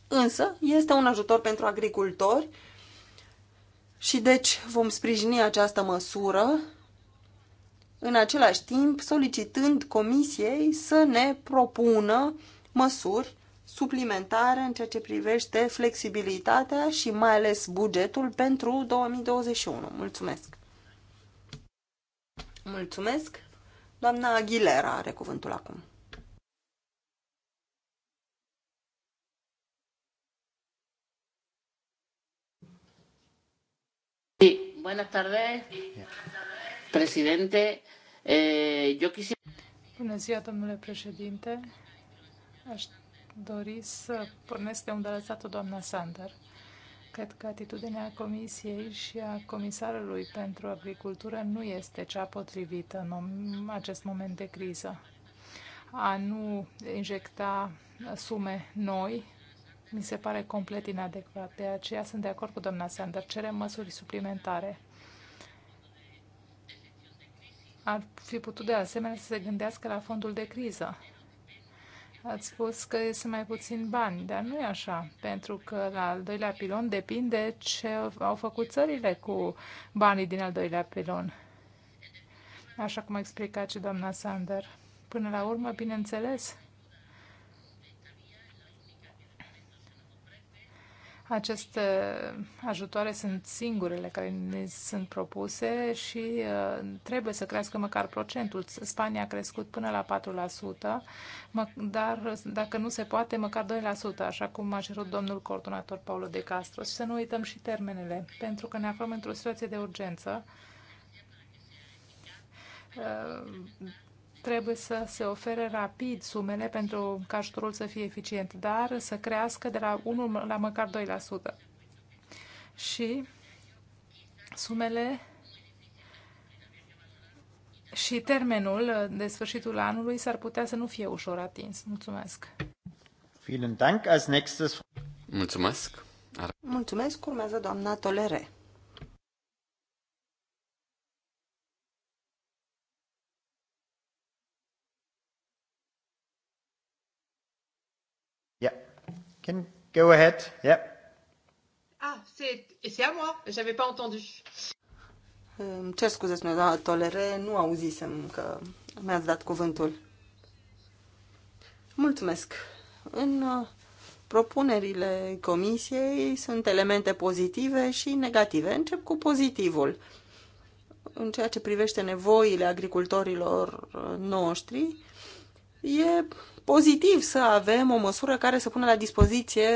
Însă, este un ajutor pentru agricultori și deci vom sprijini această măsură, în același timp solicitând Comisiei să ne propună măsuri suplimentare în ceea ce privește flexibilitatea și mai ales bugetul pentru 2021. Mulțumesc! Mulțumesc! Doamna Aguilera are cuvântul acum. Sí, buenas tardes, presidente. Eh, yo quisiera... Bună ziua, domnule președinte. Aș dori să pornesc de unde a lăsat-o doamna Sander. Cred că atitudinea Comisiei și a Comisarului pentru Agricultură nu este cea potrivită în acest moment de criză. A nu injecta sume noi mi se pare complet inadecvat. De aceea sunt de acord cu doamna Sander. Cerem măsuri suplimentare. Ar fi putut de asemenea să se gândească la fondul de criză. Ați spus că sunt mai puțin bani, dar nu e așa, pentru că la al doilea pilon depinde ce au făcut țările cu banii din al doilea pilon. Așa cum a explicat și doamna Sander. Până la urmă, bineînțeles, Aceste ajutoare sunt singurele care ne sunt propuse și uh, trebuie să crească măcar procentul. Spania a crescut până la 4%, dar dacă nu se poate, măcar 2%, așa cum a cerut domnul coordonator Paulo de Castro. Și să nu uităm și termenele, pentru că ne aflăm într-o situație de urgență uh, trebuie să se ofere rapid sumele pentru ca ajutorul să fie eficient, dar să crească de la 1 la măcar 2%. Și sumele și termenul de sfârșitul anului s-ar putea să nu fie ușor atins. Mulțumesc. Vielen Dank. Als nächstes... Mulțumesc. Mulțumesc. Urmează doamna Tolere. Can go ahead. Yep. Ah, c'est à moi. J'avais pas entendu. Îmi cer scuze, spune doamna Tolere, nu auzisem că mi-ați dat cuvântul. Mulțumesc. În uh, propunerile comisiei sunt elemente pozitive și negative. Încep cu pozitivul. În ceea ce privește nevoile agricultorilor uh, noștri, E pozitiv să avem o măsură care să pună la dispoziție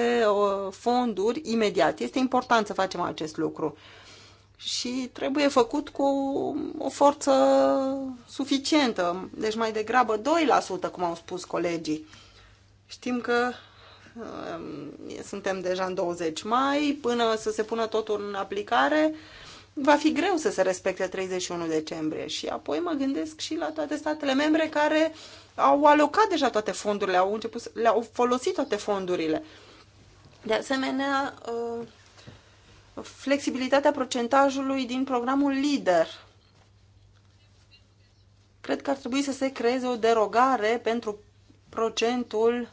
fonduri imediat. Este important să facem acest lucru. Și trebuie făcut cu o forță suficientă, deci mai degrabă 2%, cum au spus colegii. Știm că um, suntem deja în 20 mai, până să se pună totul în aplicare, va fi greu să se respecte 31 decembrie. Și apoi mă gândesc și la toate statele membre care au alocat deja toate fondurile, au început, le-au folosit toate fondurile. De asemenea, uh, flexibilitatea procentajului din programul LIDER. Cred că ar trebui să se creeze o derogare pentru procentul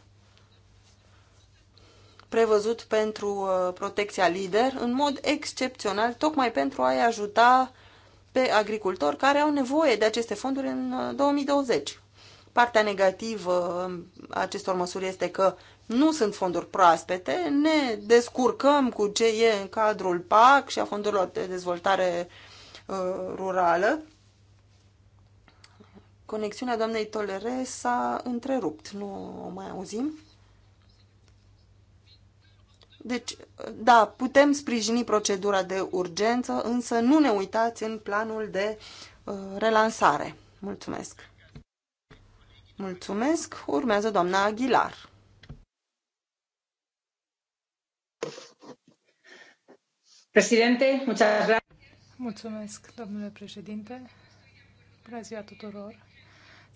prevăzut pentru uh, protecția lider în mod excepțional, tocmai pentru a-i ajuta pe agricultori care au nevoie de aceste fonduri în 2020. Uh, Partea negativă a uh, acestor măsuri este că nu sunt fonduri proaspete, ne descurcăm cu ce e în cadrul PAC și a fondurilor de dezvoltare rurală. Conexiunea doamnei Toleresa s-a întrerupt, nu o mai auzim. Deci, da, putem sprijini procedura de urgență, însă nu ne uitați în planul de uh, relansare. Mulțumesc! Mulțumesc! Urmează doamna Aguilar. Președinte, Mulțumesc, domnule președinte. Bună ziua tuturor.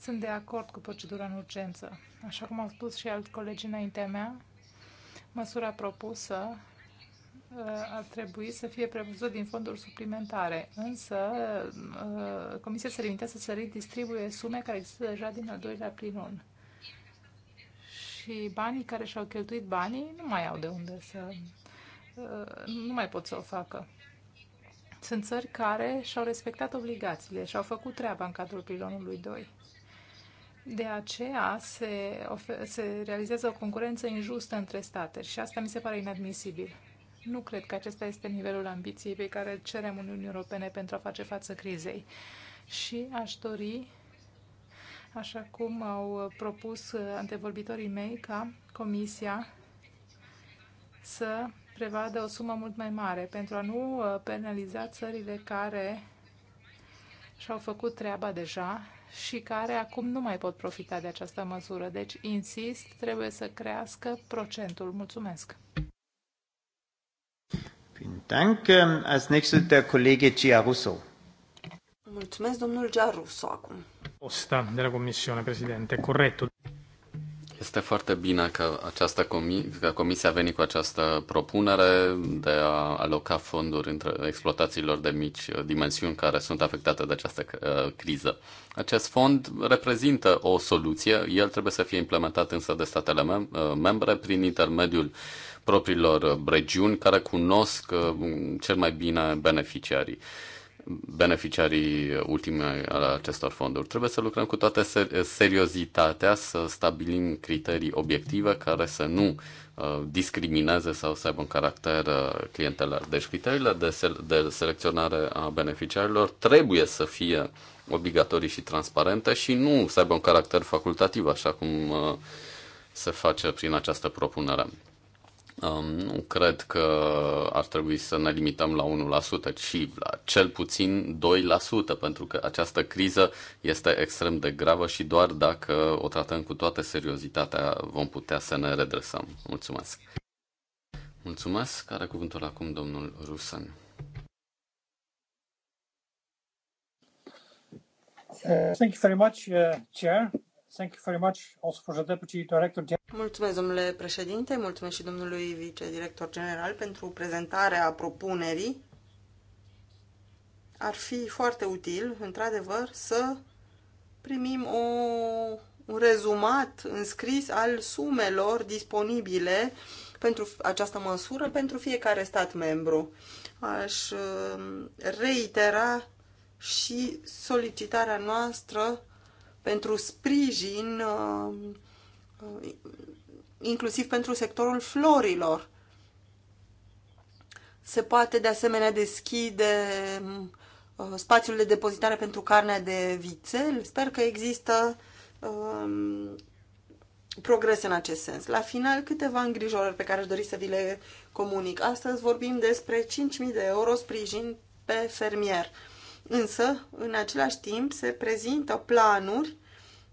Sunt de acord cu procedura în urgență. Așa cum au spus și alți colegi înaintea mea, Măsura propusă uh, ar trebui să fie prevăzut din fonduri suplimentare, însă uh, Comisia se limitează să redistribuie sume care există deja din al doilea plinun. Și banii care și-au cheltuit banii nu mai au de unde să... Uh, nu mai pot să o facă. Sunt țări care și-au respectat obligațiile și-au făcut treaba în cadrul pilonului 2. De aceea se, se realizează o concurență injustă între state și asta mi se pare inadmisibil. Nu cred că acesta este nivelul ambiției pe care îl cerem Uniunii Europene pentru a face față crizei. Și aș dori, așa cum au propus antevorbitorii mei, ca Comisia să prevadă o sumă mult mai mare pentru a nu uh, penaliza țările care și-au făcut treaba deja și care acum nu mai pot profita de această măsură. Deci, insist, trebuie să crească procentul. Mulțumesc! Mulțumesc, domnul Giarusso, acum. Osta de la Comisiune, președinte, corect. Este foarte bine că această comi- că comisia a venit cu această propunere de a aloca fonduri între exploatațiilor de mici dimensiuni care sunt afectate de această uh, criză. Acest fond reprezintă o soluție, el trebuie să fie implementat însă de statele mem- uh, membre prin intermediul propriilor regiuni care cunosc uh, cel mai bine beneficiarii beneficiarii ultime ale acestor fonduri. Trebuie să lucrăm cu toată seriozitatea, să stabilim criterii obiective care să nu uh, discrimineze sau să aibă un caracter uh, clientelar. Deci criteriile de, se- de selecționare a beneficiarilor trebuie să fie obligatorii și transparente și nu să aibă un caracter facultativ, așa cum uh, se face prin această propunere nu cred că ar trebui să ne limităm la 1%, ci la cel puțin 2%, pentru că această criză este extrem de gravă și doar dacă o tratăm cu toată seriozitatea vom putea să ne redresăm. Mulțumesc! Mulțumesc! care cuvântul acum domnul Rusan. Uh, thank you very much, uh, Chair. Thank you very much also for the Deputy Director Mulțumesc, domnule președinte, mulțumesc și domnului vicedirector general pentru prezentarea propunerii. Ar fi foarte util, într-adevăr, să primim o, un rezumat înscris al sumelor disponibile pentru această măsură pentru fiecare stat membru. Aș uh, reitera și solicitarea noastră pentru sprijin, uh, inclusiv pentru sectorul florilor. Se poate de asemenea deschide uh, spațiul de depozitare pentru carnea de vițel. Sper că există um, progrese în acest sens. La final, câteva îngrijorări pe care aș dori să vi le comunic. Astăzi vorbim despre 5.000 de euro sprijin pe fermier. Uh, însă în același timp se prezintă planuri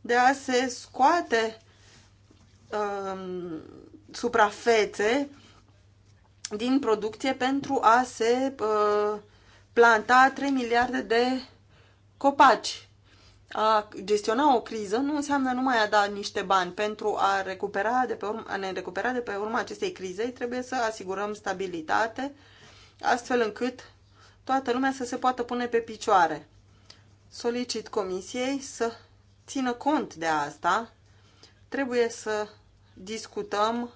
de a se scoate um, suprafețe din producție pentru a se uh, planta 3 miliarde de copaci. A gestiona o criză nu înseamnă numai a da niște bani. Pentru a, recupera de pe urma, a ne recupera de pe urma acestei crize, trebuie să asigurăm stabilitate, astfel încât toată lumea să se poată pune pe picioare. Solicit comisiei să țină cont de asta. Trebuie să discutăm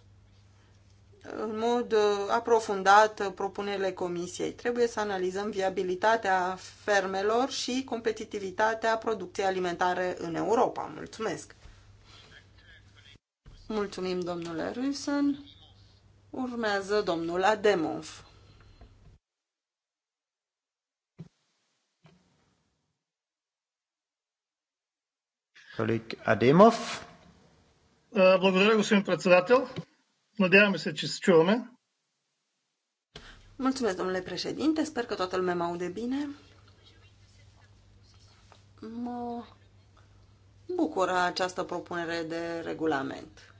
în mod uh, aprofundat propunerile comisiei. Trebuie să analizăm viabilitatea fermelor și competitivitatea producției alimentare în Europa. Mulțumesc! Mulțumim, domnule Rusen. Urmează domnul Ademov. Kolik Адемов. Благодаря, господин председател. Надяваме се, че се чуваме. Mulțumesc, domnule președinte. Sper că toată lumea mă aude bine. Mă bucură această propunere de regulament.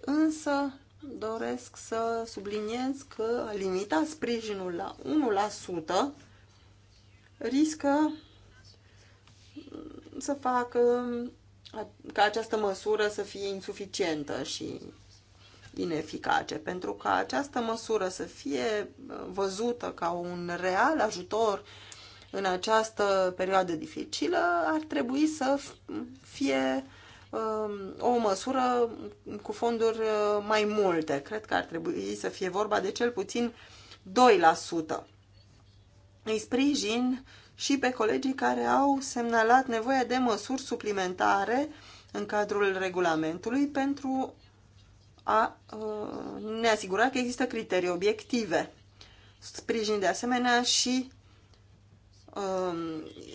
Însă doresc să subliniez că a limita sprijinul la 1% riscă să facă ca această măsură să fie insuficientă și ineficace, pentru ca această măsură să fie uh, văzută ca un real ajutor în această perioadă dificilă, ar trebui să fie um, o măsură cu fonduri uh, mai multe. Cred că ar trebui să fie vorba de cel puțin 2%. Îi sprijin și pe colegii care au semnalat nevoia de măsuri suplimentare în cadrul regulamentului pentru a uh, ne asigura că există criterii obiective. Sprijin de asemenea și um,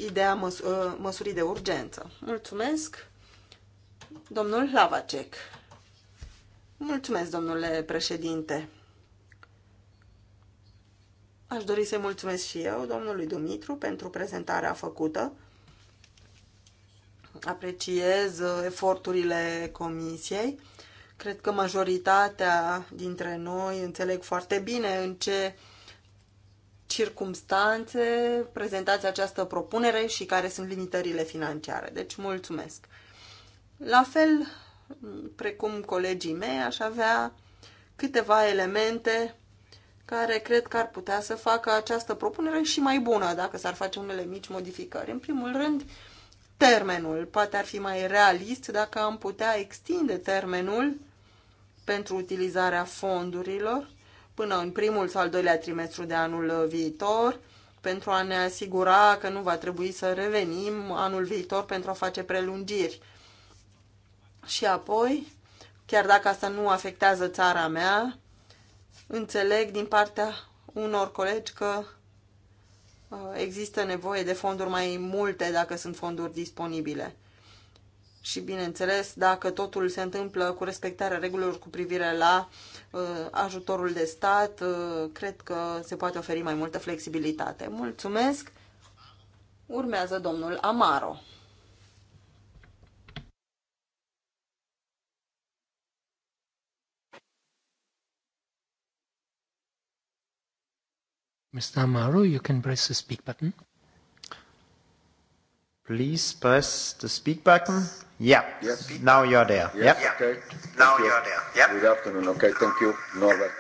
ideea măs uh, măsurii de urgență. Mulțumesc, domnul Lavacek. Mulțumesc, domnule președinte. Aș dori să-i mulțumesc și eu, domnului Dumitru, pentru prezentarea făcută. Apreciez uh, eforturile comisiei. Cred că majoritatea dintre noi înțeleg foarte bine în ce circumstanțe prezentați această propunere și care sunt limitările financiare. Deci, mulțumesc. La fel, precum colegii mei, aș avea câteva elemente care cred că ar putea să facă această propunere și mai bună dacă s-ar face unele mici modificări. În primul rând, termenul. Poate ar fi mai realist dacă am putea extinde termenul pentru utilizarea fondurilor până în primul sau al doilea trimestru de anul viitor, pentru a ne asigura că nu va trebui să revenim anul viitor pentru a face prelungiri. Și apoi, chiar dacă asta nu afectează țara mea, Înțeleg din partea unor colegi că uh, există nevoie de fonduri mai multe dacă sunt fonduri disponibile. Și, bineînțeles, dacă totul se întâmplă cu respectarea regulilor cu privire la uh, ajutorul de stat, uh, cred că se poate oferi mai multă flexibilitate. Mulțumesc! Urmează domnul Amaro. Mr. you can press the speak button. Please press the speak button. Yeah. Yes. Now there. Yes. Yeah. Okay. now you. there. Yeah. Good afternoon. Okay. Thank you, Norbert.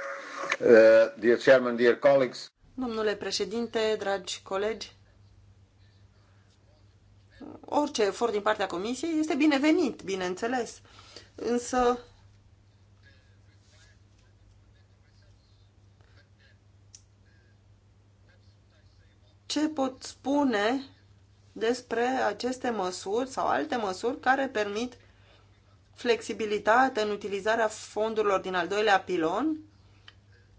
Uh, dear chairman, dear colleagues. Domnule președinte, dragi colegi, orice efort din partea comisiei este binevenit, bineînțeles. Însă ce pot spune despre aceste măsuri sau alte măsuri care permit flexibilitate în utilizarea fondurilor din al doilea pilon,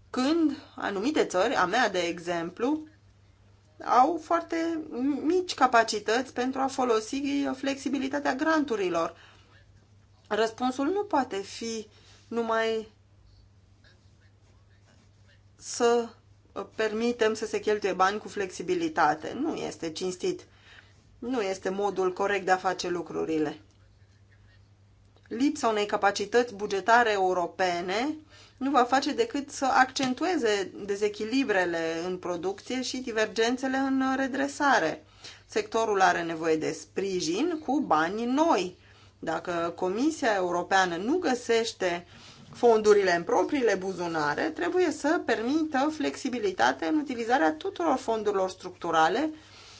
când anumite țări, a mea de exemplu, au foarte mici capacități pentru a folosi flexibilitatea granturilor. Răspunsul nu poate fi numai să permitem să se cheltuie bani cu flexibilitate. Nu este cinstit. Nu este modul corect de a face lucrurile. Lipsa unei capacități bugetare europene nu va face decât să accentueze dezechilibrele în producție și divergențele în redresare. Sectorul are nevoie de sprijin cu bani noi. Dacă Comisia Europeană nu găsește uh, fondurile în propriile buzunare trebuie să permită flexibilitate în utilizarea tuturor fondurilor structurale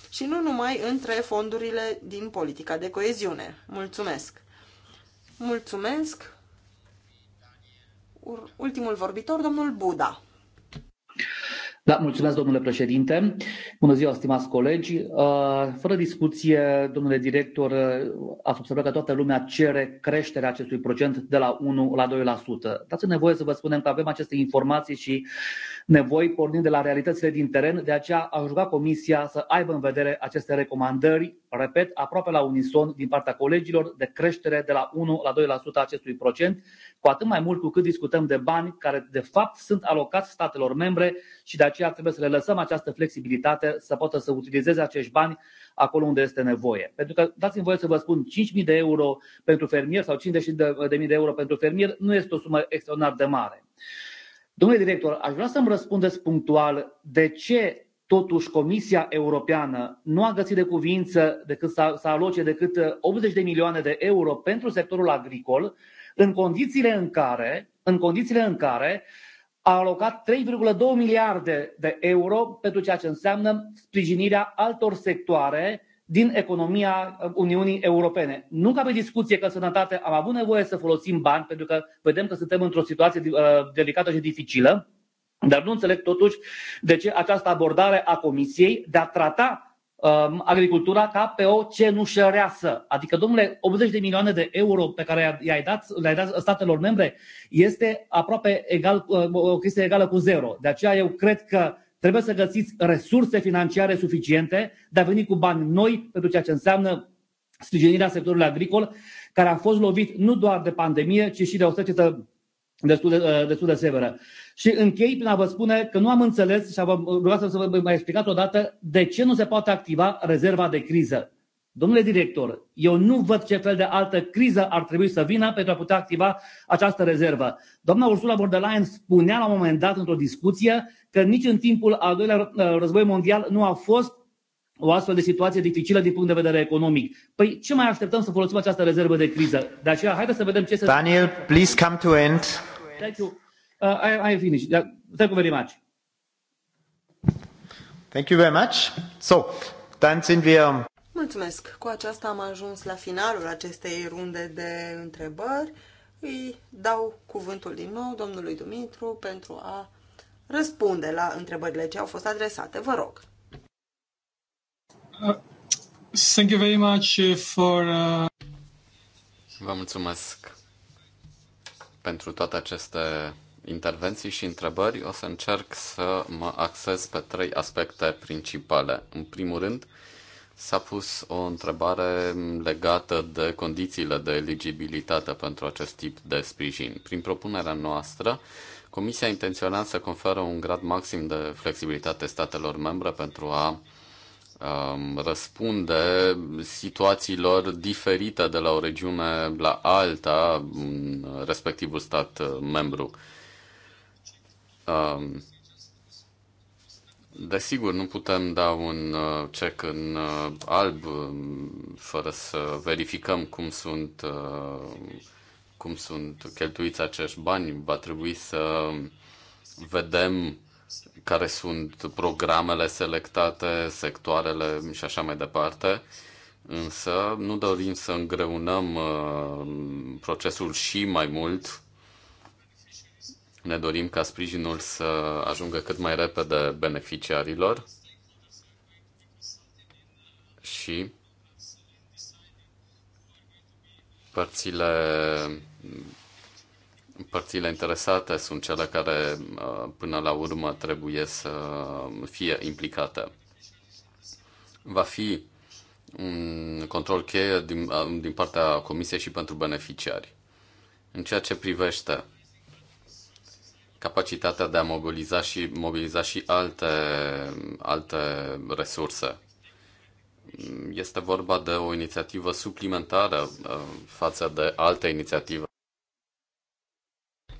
și nu numai între fondurile din politica de coeziune. Mulțumesc! Mulțumesc! Ultimul vorbitor, domnul Buda. Da, mulțumesc, domnule președinte. Bună ziua, stimați colegi. Uh, fără discuție, domnule director, uh, ați observat că toată lumea cere creșterea acestui procent de la 1 la 2%. Dați-ne voie să vă spunem că avem aceste informații și nevoi pornind de la realitățile din teren, de aceea a ruga Comisia să aibă în vedere aceste recomandări, repet, aproape la unison din partea colegilor, de creștere de la 1 la 2% a acestui procent, cu atât mai mult cu cât discutăm de bani care de fapt sunt alocați statelor membre și de aceea trebuie să le lăsăm această flexibilitate să poată să utilizeze acești bani acolo unde este nevoie. Pentru că dați-mi voie să vă spun 5.000 de euro pentru fermier sau 50.000 de euro pentru fermier nu este o sumă extraordinar de mare. Domnule director, aș vrea să-mi răspundeți punctual de ce totuși Comisia Europeană nu a găsit de cuvință decât să, să aloce decât 80 uh, de milioane de euro pentru sectorul agricol, în condițiile în care, în condițiile în care a alocat 3,2 miliarde de euro pentru ceea ce înseamnă sprijinirea altor sectoare din economia Uniunii Europene. Nu ca pe discuție că sănătate am avut nevoie să folosim bani, pentru că vedem că suntem într-o situație uh, delicată și dificilă, dar nu înțeleg totuși de ce această abordare a Comisiei de a trata um, agricultura ca pe o cenușăreasă. Adică, domnule, 80 de milioane de euro pe care i-ai dat, le-ai dat statelor membre este aproape egal, uh, o chestie egală cu zero. De aceea eu cred că Trebuie să găsiți resurse financiare suficiente de a veni cu bani noi pentru ceea ce înseamnă sprijinirea sectorului agricol, care a fost lovit nu doar de pandemie, ci și de o secetă destul de, eh, destul de severă. Și închei prin a vă spune că nu am înțeles și am rugat să vă mai explicați odată de ce nu se poate activa rezerva de criză. Domnule director, eu nu văd ce fel de altă criză ar trebui să vină pentru a putea activa această rezervă. Doamna Ursula von der Leyen spunea la un moment dat într-o discuție că nici în timpul al doilea uh, război mondial nu a fost o astfel de situație dificilă din punct de vedere economic. Păi ce mai așteptăm să folosim această rezervă de criză? De aceea, haideți să vedem ce se... Daniel, please come to end. Thank you. Uh, I, I finished. Thank you very much. Thank you very much. So, dann sind wir... Mulțumesc! Cu aceasta am ajuns la finalul acestei runde de întrebări. Îi dau cuvântul din nou domnului Dumitru pentru a răspunde la întrebările ce au fost adresate. Vă rog! Uh, thank you very much for... Uh, Vă mulțumesc pentru toate aceste intervenții și întrebări. O să încerc să mă axez pe trei aspecte principale. În primul rând, S-a pus o întrebare legată de condițiile de eligibilitate pentru acest tip de sprijin. Prin propunerea noastră, Comisia intenționa să conferă un grad maxim de flexibilitate statelor membre pentru a um, răspunde situațiilor diferite de la o regiune la alta respectivul stat uh, membru. Um, Desigur, nu putem da un uh, cec în uh, alb um, fără să verificăm cum sunt, uh, cum sunt cheltuiți acești bani. Va trebui să vedem care sunt programele selectate, sectoarele și așa mai departe. Însă nu dorim să îngreunăm procesul și mai mult ne dorim ca sprijinul să ajungă cât mai repede beneficiarilor și părțile părțile interesate sunt cele care uh, până la urmă trebuie să fie implicate. Va fi un control cheie din, uh, din partea Comisiei și pentru beneficiari. În ceea ce privește capacitatea de a mobiliza și, mobiliza și alte, alte resurse. Este vorba de o inițiativă suplimentară uh, față de alte inițiative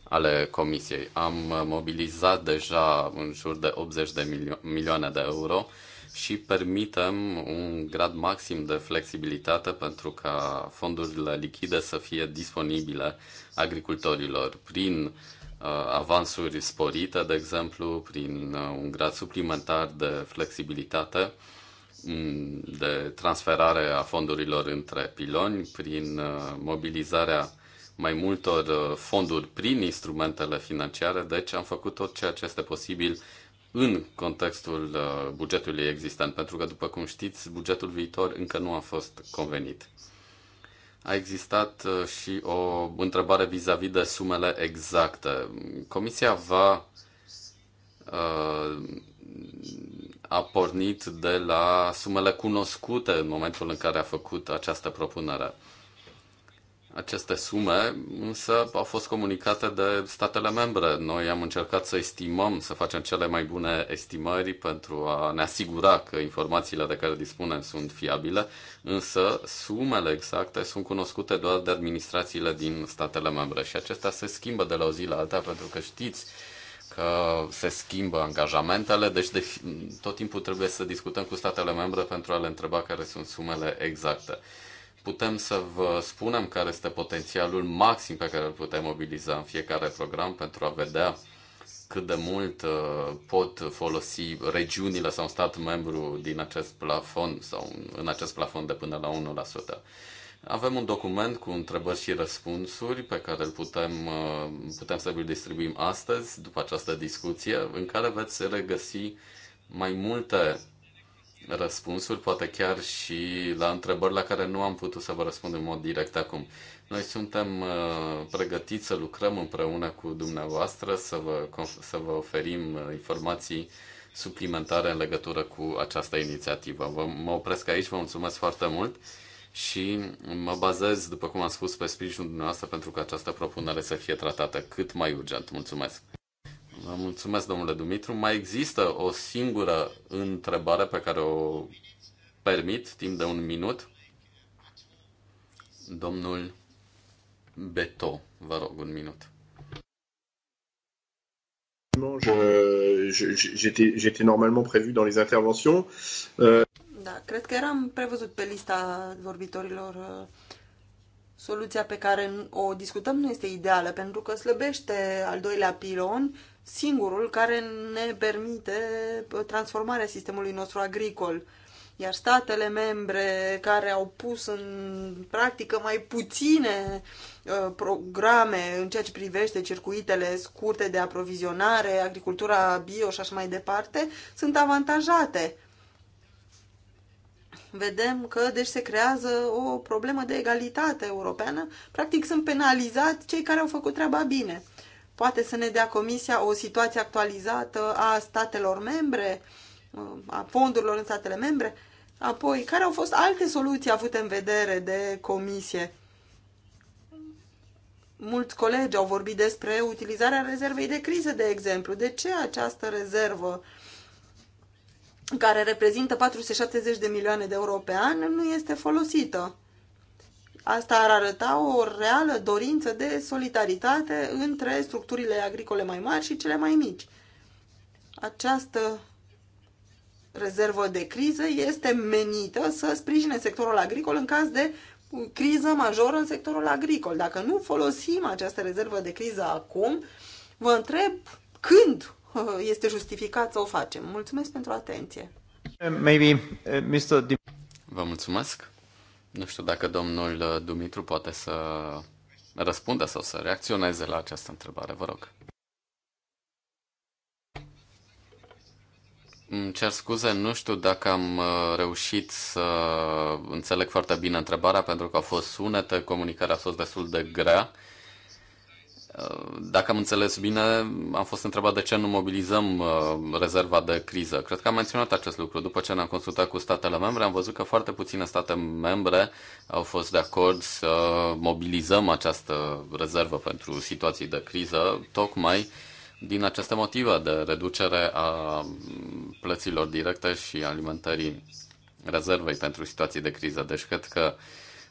ale Comisiei. Am uh, mobilizat deja în jur de 80 de milioane de euro și permitem un grad maxim de flexibilitate pentru ca fondurile lichide să fie disponibile agricultorilor prin Uh, avansuri sporite, de exemplu, prin uh, un grad suplimentar de flexibilitate, mm, de transferare a fondurilor între piloni, prin uh, mobilizarea mai multor fonduri prin instrumentele financiare, deci am făcut tot ceea ce este posibil în contextul bugetului existent, pentru că, după cum știți, bugetul viitor încă nu a fost convenit. A existat uh, și o întrebare vis-a-vis -vis de sumele exacte. Comisia va uh, a pornit de la sumele cunoscute în momentul în care a făcut această propunere. Aceste sume însă au fost comunicate de statele membre. Noi am încercat să estimăm, să facem cele mai bune estimări pentru a ne asigura că informațiile de care dispunem sunt fiabile, însă sumele exacte sunt cunoscute doar de administrațiile din statele membre și acestea se schimbă de la o zi la alta pentru că știți că se schimbă angajamentele, deci de, tot timpul trebuie să discutăm cu statele membre pentru a le întreba care sunt sumele exacte putem să vă spunem care este potențialul maxim pe care îl putem mobiliza în fiecare program pentru a vedea cât de mult uh, pot folosi regiunile sau stat membru din acest plafon sau în acest plafon de până la 1%. Avem un document cu întrebări și răspunsuri pe care îl putem, uh, putem să îl distribuim astăzi, după această discuție, în care veți regăsi mai multe răspunsuri, poate chiar și la întrebări la care nu am putut să vă răspund în mod direct acum. Noi suntem uh, pregătiți să lucrăm împreună cu dumneavoastră, să vă, să vă oferim uh, informații suplimentare în legătură cu această inițiativă. Vă, mă opresc aici, vă mulțumesc foarte mult și mă bazez, după cum am spus, pe sprijinul dumneavoastră pentru că această propunere să fie tratată cât mai urgent. Mulțumesc! Vă mulțumesc, domnule Dumitru. Mai există o singură întrebare pe care o permit, timp de un minut. Domnul Beto, vă rog, un minut. J'étais normalement prévu dans les interventions. Euh, da, cred că eram prevăzut pe lista vorbitorilor. Soluția pe care o discutăm nu este ideală, pentru că slăbește al doilea pilon singurul care ne permite uh, transformarea sistemului nostru agricol. Iar statele membre care au pus în practică mai puține uh, programe în ceea ce privește circuitele scurte de aprovizionare, agricultura bio și așa mai departe, sunt avantajate. Vedem că deci se creează o problemă de egalitate europeană. Practic sunt penalizați cei care au făcut treaba bine. Poate să ne dea Comisia o situație actualizată a statelor membre, a fondurilor în statele membre. Apoi, care au fost alte soluții avute în vedere de Comisie? Mulți colegi au vorbit despre utilizarea rezervei de criză, de exemplu. De ce această rezervă? care reprezintă 470 de milioane de euro pe an, nu este folosită. Asta ar arăta o reală dorință de solidaritate între structurile agricole mai mari și cele mai mici. Această rezervă de criză este menită să sprijine sectorul agricol în caz de criză majoră în sectorul agricol. Dacă nu folosim această rezervă de criză acum, vă întreb când uh, este justificat să o facem. Mulțumesc pentru atenție. Maybe, uh, vă mulțumesc. Nu știu dacă domnul uh, Dumitru poate să răspundă sau să reacționeze la această întrebare. Vă rog. Îmi cer scuze, nu știu dacă am uh, reușit să înțeleg foarte bine întrebarea, pentru că a fost sunete, comunicarea a fost destul de grea. Uh, dacă am înțeles bine, am fost întrebat de ce nu mobilizăm uh, rezerva de criză. Cred că am menționat acest lucru. După ce ne-am consultat cu statele membre, am văzut că foarte puține state membre au fost de acord să mobilizăm această rezervă pentru situații de criză, tocmai din aceste motive de reducere a plăților directe și alimentării rezervei pentru situații de criză. Deci cred că uh,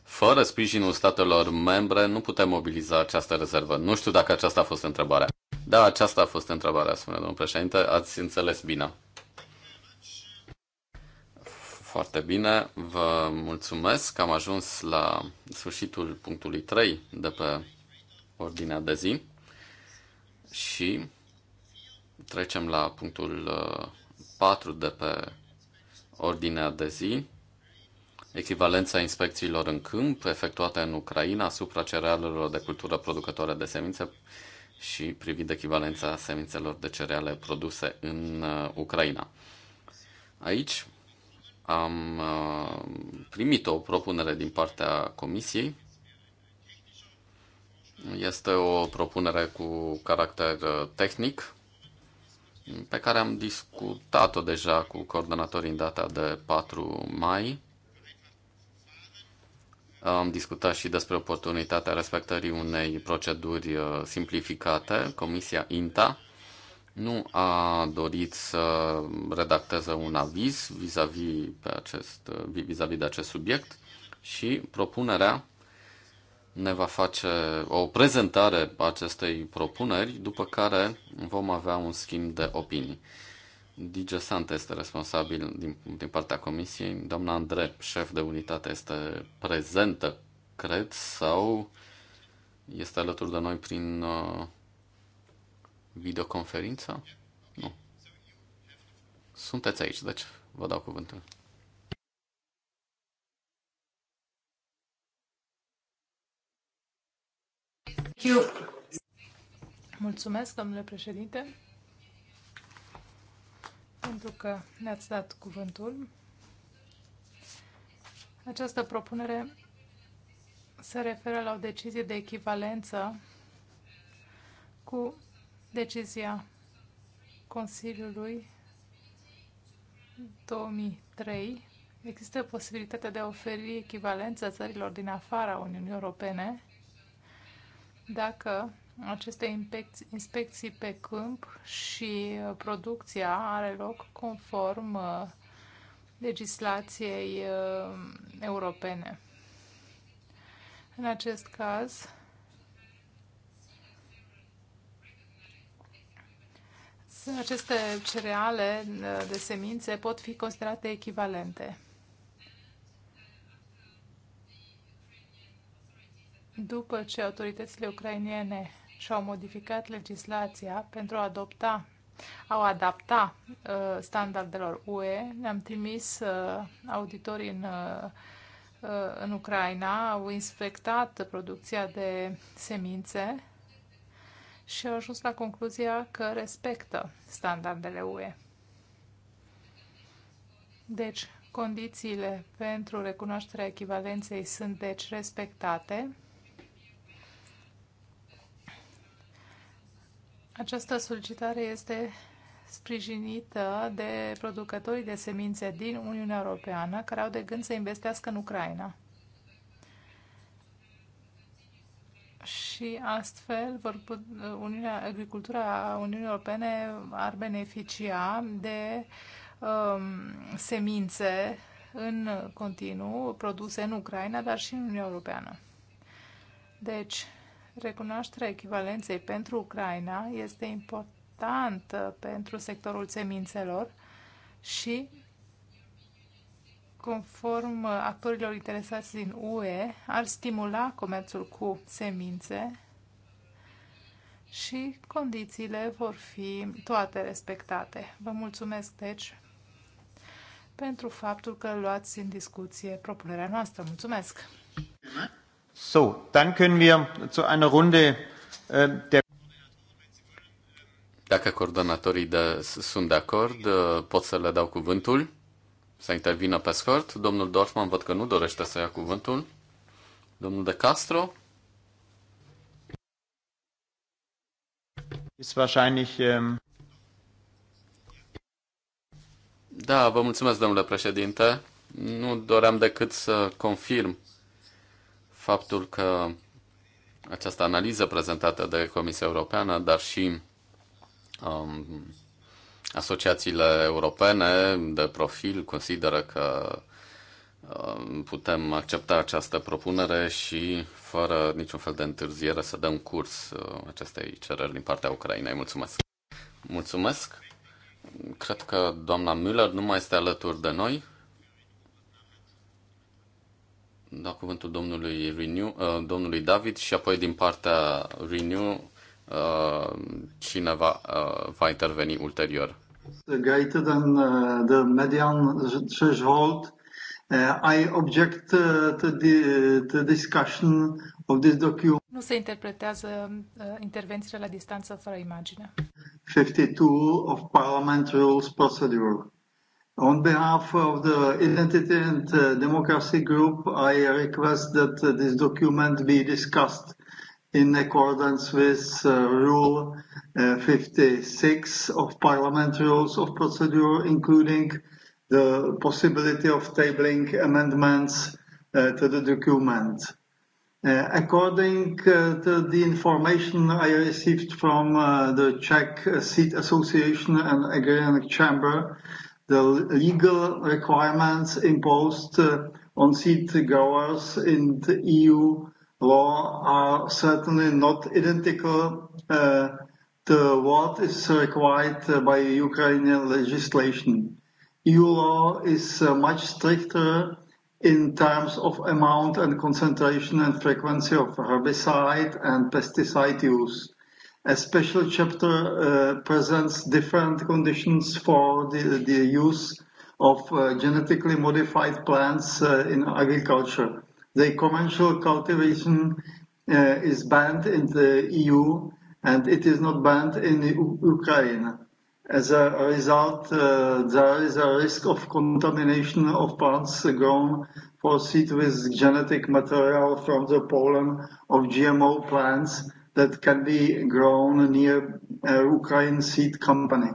fără sprijinul statelor membre nu putem mobiliza această rezervă. Nu știu dacă aceasta a fost întrebarea. Da, aceasta a fost întrebarea, spune domnul președinte. Ați înțeles bine. Foarte bine, vă mulțumesc. Am ajuns la sfârșitul punctului 3 de pe ordinea de zi și trecem la punctul 4 uh, de pe ordinea de zi echivalența inspecțiilor în câmp efectuate în Ucraina asupra cerealelor de cultură producătoare de semințe și privind echivalența semințelor de cereale produse în uh, Ucraina. Aici am uh, primit o propunere din partea Comisiei. Este o propunere cu caracter uh, tehnic pe care am discutat-o deja cu coordonatorii în data de 4 mai am discutat și despre oportunitatea respectării unei proceduri uh, simplificate. Comisia INTA nu a dorit să redacteze un aviz vis-a-vis, -vis pe acest, uh, vis-a-vis -vis de acest subiect și propunerea ne va face o prezentare a acestei propuneri, după care vom avea un schimb de opinii. DG Sant este responsabil din, din partea comisiei. Doamna Andrei, șef de unitate, este prezentă, cred, sau este alături de noi prin uh, videoconferință? Nu. Sunteți aici, deci vă dau cuvântul. Mulțumesc, domnule președinte pentru că ne-ați dat cuvântul. Această propunere se referă la o decizie de echivalență cu decizia Consiliului 2003. Există posibilitatea de a oferi echivalență țărilor din afara Uniunii Europene dacă aceste inspecții pe câmp și uh, producția are loc conform uh, legislației uh, europene. În acest caz, aceste cereale de semințe pot fi considerate echivalente. După ce autoritățile ucrainiene și-au modificat legislația pentru a adopta, au adapta uh, standardelor UE. Ne-am trimis uh, auditorii în, uh, uh, în Ucraina, au inspectat producția de semințe și au ajuns la concluzia că respectă standardele UE. Deci, condițiile pentru recunoașterea echivalenței sunt deci respectate Această solicitare este sprijinită de producătorii de semințe din Uniunea Europeană care au de gând să investească în Ucraina. Și astfel vor put, Uniunea, agricultura Uniunii Europene ar beneficia de um, semințe în continuu produse în Ucraina, dar și în Uniunea Europeană. Deci, Recunoașterea echivalenței pentru Ucraina este importantă pentru sectorul semințelor și, conform actorilor interesați din UE, ar stimula comerțul cu semințe și condițiile vor fi toate respectate. Vă mulțumesc, deci, pentru faptul că luați în discuție propunerea noastră. Mulțumesc! So, dann können wir zu einer Runde äh, der Dacă coordonatorii de, sunt de acord, uh, pot să le dau cuvântul, să intervină pe scurt. Domnul Dorfman văd că nu dorește să ia cuvântul. Domnul De Castro? Ist wahrscheinlich, ähm... Da, vă mulțumesc, domnule președinte. Nu doream decât să confirm faptul că această analiză prezentată de Comisia Europeană, dar și um, asociațiile europene de profil consideră că um, putem accepta această propunere și fără niciun fel de întârziere să dăm curs uh, acestei cereri din partea Ucrainei. Mulțumesc! Mulțumesc! Cred că doamna Müller nu mai este alături de noi. cuvântul domnului, Renew, uh, domnului David și apoi din partea Renew uh, cineva uh, va interveni ulterior. Greater than uh, the median threshold, uh, I object uh, to the, discussion of this document. Nu se interpretează uh, intervențiile la distanță fără imagine. 52 of Parliament Rules Procedure. On behalf of the Identity and uh, Democracy Group, I request that this document be discussed in accordance with uh, Rule uh, 56 of Parliament Rules of Procedure, including the possibility of tabling amendments uh, to the document. Uh, according uh, to the information I received from uh, the Czech Seat Association and Agrarian Chamber, the legal requirements imposed uh, on seed growers in the EU law are certainly not identical uh, to what is required uh, by Ukrainian legislation. EU law is uh, much stricter in terms of amount and concentration and frequency of herbicide and pesticide use a special chapter uh, presents different conditions for the, the use of uh, genetically modified plants uh, in agriculture. The commercial cultivation uh, is banned in the EU and it is not banned in the U Ukraine. As a result, uh, there is a risk of contamination of plants grown for seed with genetic material from the pollen of GMO plants that can be grown near uh, Ukraine seed company.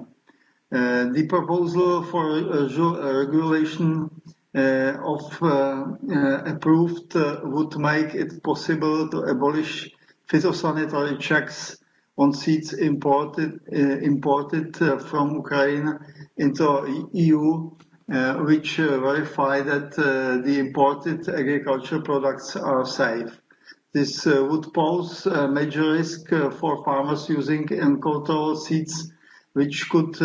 Uh, the proposal for regulation uh, of approved would make it possible to abolish phytosanitary checks on seeds imported from Ukraine into EU, which verify that the imported agricultural products are safe. This uh, would pose a uh, major risk uh, for farmers using uncontrolled seeds, which could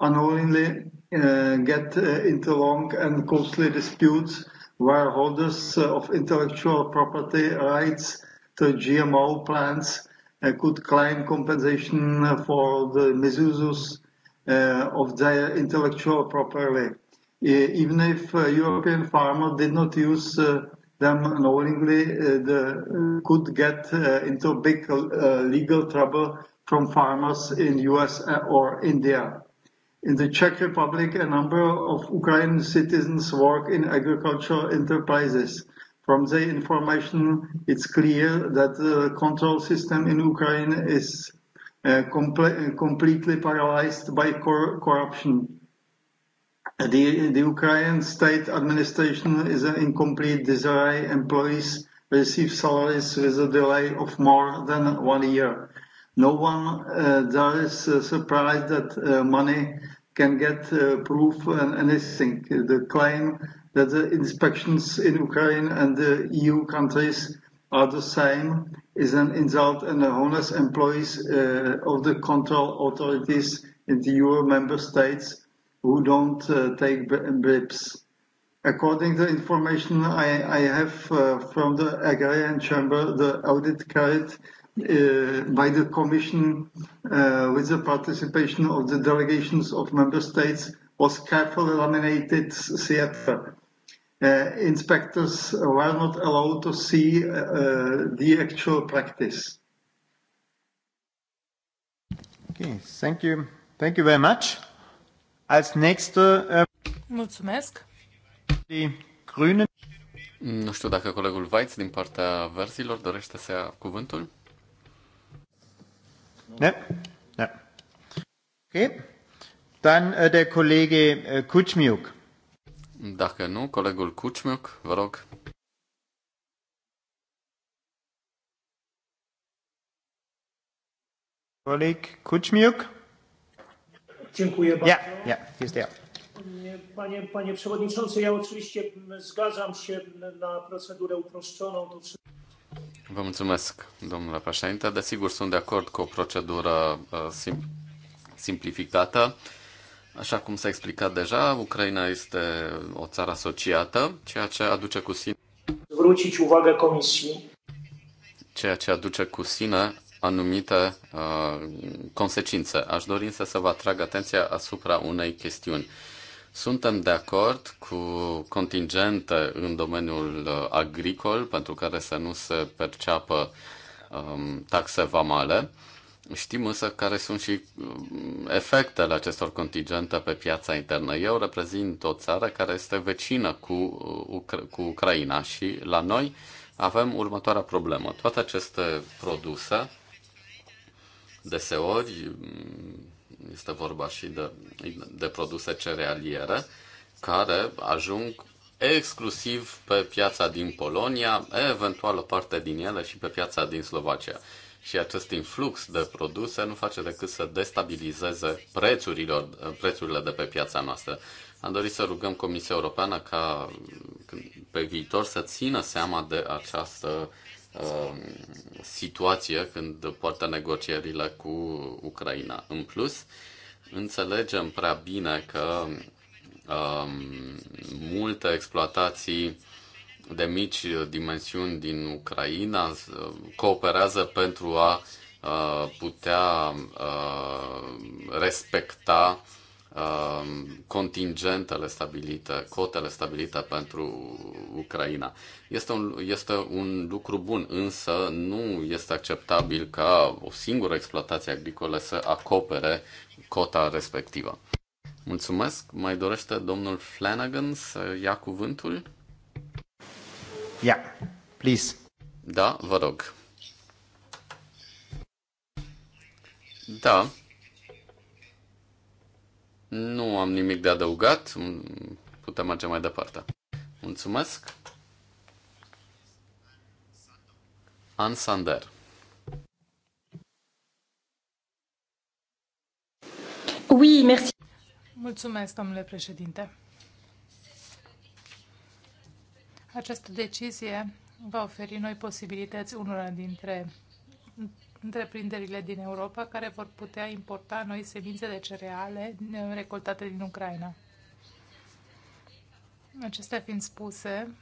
unknowingly get into long and costly disputes where holders of intellectual property rights to GMO plants could claim compensation for the misuses of their intellectual property. Even if European farmer did not use them knowingly, uh, the, uh, could get uh, into big legal trouble from farmers in US or India. In the Czech Republic, a number of Ukrainian citizens work in agricultural enterprises. From the information, it's clear that the control system in Ukraine is uh, comple completely paralyzed by cor corruption. The, the Ukrainian state administration is an incomplete disarray. Employees receive salaries with a delay of more than one year. No one uh, there is uh, surprised that uh, money can get uh, proof and anything. The claim that the inspections in Ukraine and the EU countries are the same is an insult and the honest employees uh, of the control authorities in the EU member states who don't uh, take BRIPs. According to information I have uh, from the Agrarian Chamber, the audit carried uh, by the Commission with the participation of the delegations of member states was carefully laminated Uh, Inspectors were not allowed to see the actual practice. Okay. Thank you. Thank you very much. Als nächste... Ähm, Mulțumesc. Grünen. Nu știu dacă colegul Weitz din partea verzilor dorește să ia cuvântul. Ne? Ne. Ok. Dan äh, de colegi äh, Kuchmiuk. Dacă nu, colegul Kuchmiuk, vă rog. Coleg Kuczmiuk? Dziękuję bardzo. Yeah, yeah, he's there. Panie, panie Przewodniczący, ja oczywiście zgadzam się na procedurę uproszczoną. To... Vă mulțumesc, domnule președinte. Desigur, sunt de acord cu o procedură uh, sim- simplificată. Așa cum s-a explicat deja, Ucraina este o țară asociată, ceea ce aduce cu sine... Vrucici uwagę Komisji. Ceea ce aduce cu sine anumite uh, consecințe. Aș dori însă să vă atrag atenția asupra unei chestiuni. Suntem de acord cu contingente în domeniul uh, agricol pentru care să nu se perceapă um, taxe vamale. Știm însă care sunt și um, efectele acestor contingente pe piața internă. Eu reprezint o țară care este vecină cu, uh, cu Ucraina și la noi avem următoarea problemă. Toate aceste produse Deseori este vorba și de, de produse cerealiere care ajung exclusiv pe piața din Polonia, eventual o parte din ele și pe piața din Slovacia. Și acest influx de produse nu face decât să destabilizeze prețurilor, prețurile de pe piața noastră. Am dorit să rugăm Comisia Europeană ca pe viitor să țină seama de această Um, situație când poartă negocierile cu Ucraina. În plus, înțelegem prea bine că um, multe exploatații de mici dimensiuni din Ucraina uh, cooperează pentru a uh, putea uh, respecta uh, Um, contingentele stabilite, cotele stabilite pentru Ucraina. Este un, este un lucru bun, însă nu este acceptabil ca o singură exploatație agricolă să acopere cota respectivă. Mulțumesc. Mai dorește domnul Flanagan să ia cuvântul? Yeah, please. Da, vă rog. Da, nu am nimic de adăugat. Putem merge mai departe. Mulțumesc. An Oui, merci. Mulțumesc, domnule președinte. Această decizie va oferi noi posibilități unora dintre întreprinderile din Europa care vor putea importa noi semințe de cereale eh, recoltate din Ucraina. Acestea fiind spuse,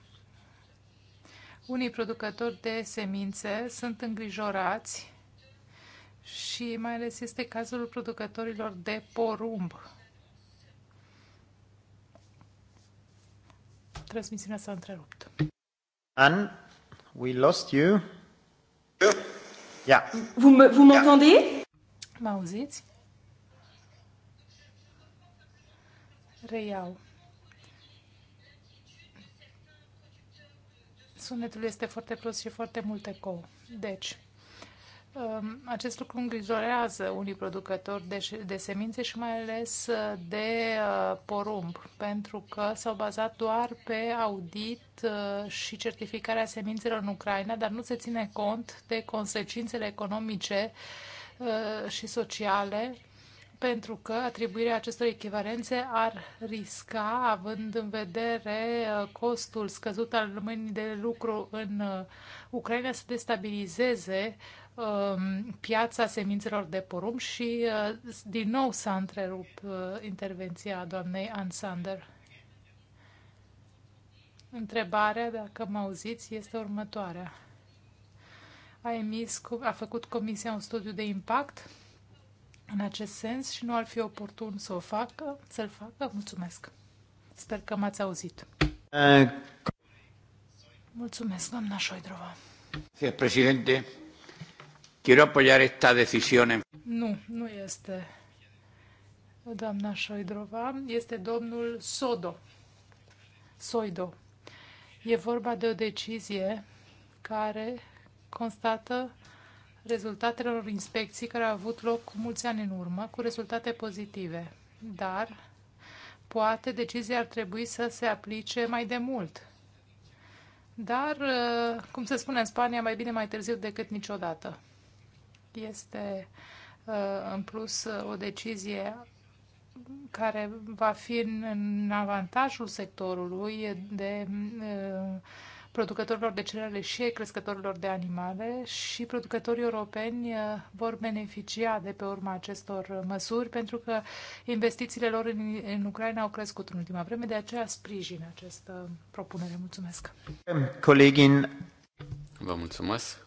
unii producători de semințe sunt îngrijorați și mai ales este cazul producătorilor de porumb. Transmisiunea s-a întrerupt. An, we lost you. Yeah. Yeah. Vous m'entendez? Me, yeah. Mă Reiau. Sunetul este foarte prost și foarte mult eco. Deci, Um, acest lucru îngrijorează unii producători de, de semințe și mai ales uh, de uh, porumb, pentru că s-au bazat doar pe audit uh, și certificarea semințelor în Ucraina, dar nu se ține cont de consecințele economice și sociale pentru că atribuirea acestor echivalențe ar risca, având în vedere costul scăzut al mâinii de lucru în Ucraina, să destabilizeze Um, piața semințelor de porumb și uh, din nou s-a întrerupt uh, intervenția doamnei Sander. Întrebarea, dacă mă auziți, este următoarea. A, emis, a făcut Comisia un studiu de impact în acest sens și nu ar fi oportun să o facă, să-l facă? Mulțumesc. Sper că m-ați auzit. Eh, Mulțumesc, doamna Șoidrova. Președinte, Quiero apoyar esta decisión en... Nu, nu este doamna Șoidrova, este domnul Sodo. Soido. E vorba de o decizie care constată rezultatele unor inspecții care au avut loc cu mulți ani în urmă, cu rezultate pozitive. Dar, poate, decizia ar trebui să se aplice mai de mult. Dar, uh, cum se spune în Spania, mai bine mai târziu decât niciodată. Este uh, în plus uh, o decizie care va fi în avantajul sectorului de uh, producătorilor de cereale și crescătorilor de animale și producătorii europeni vor beneficia de pe urma acestor măsuri pentru că investițiile lor în, în Ucraina au crescut în ultima vreme, de aceea sprijin această propunere. Mulțumesc! Colegin... Vă mulțumesc!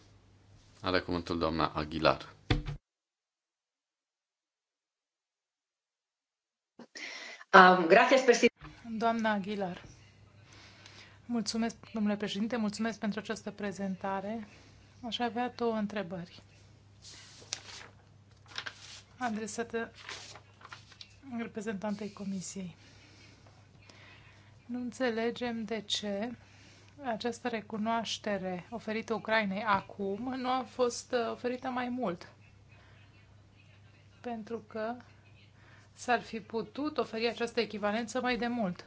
Are cuvântul doamna Aguilar. Um, gracias, Doamna Aguilar, mulțumesc, domnule președinte, mulțumesc pentru această prezentare. Aș avea două întrebări adresată reprezentantei Comisiei. Nu înțelegem de ce această recunoaștere oferită Ucrainei acum nu a fost uh, oferită mai mult. Pentru că s-ar fi putut oferi această echivalență mai de mult.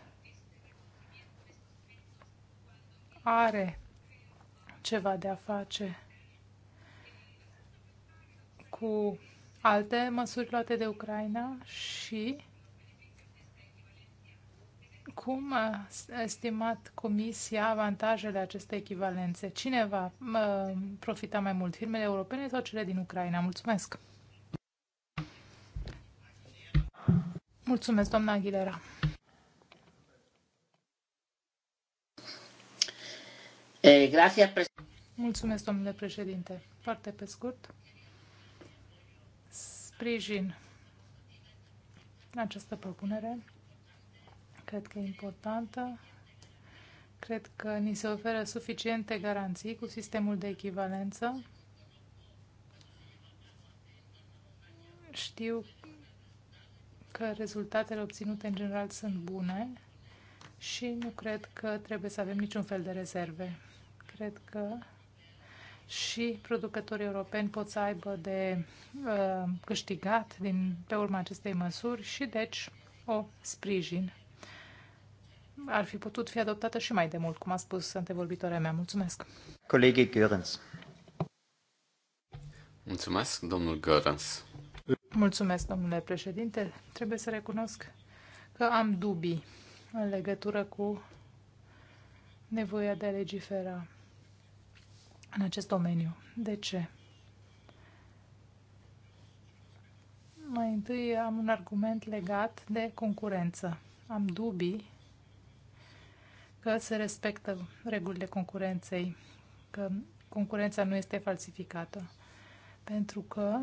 Are ceva de a face cu alte măsuri luate de Ucraina și cum a estimat Comisia avantajele acestei echivalențe? Cine va profita mai mult, firmele europene sau cele din Ucraina? Mulțumesc! Mulțumesc, doamna Aguilera! Eh, Mulțumesc, domnule președinte. Foarte pe scurt. Sprijin această propunere cred că e importantă. Cred că ni se oferă suficiente garanții cu sistemul de echivalență. Știu că rezultatele obținute în general sunt bune și nu cred că trebuie să avem niciun fel de rezerve. Cred că și producătorii europeni pot să aibă de uh, câștigat din, pe urma acestei măsuri și deci o sprijin ar fi putut fi adoptată și mai de mult, cum a spus antevorbitoarea mea. Mulțumesc. Colegii Görens. Mulțumesc, domnul Görens. Mulțumesc, domnule președinte. Trebuie să recunosc că am dubii în legătură cu nevoia de a legifera în acest domeniu. De ce? Mai întâi am un argument legat de concurență. Am dubii că se respectă regulile concurenței, că concurența nu este falsificată. Pentru că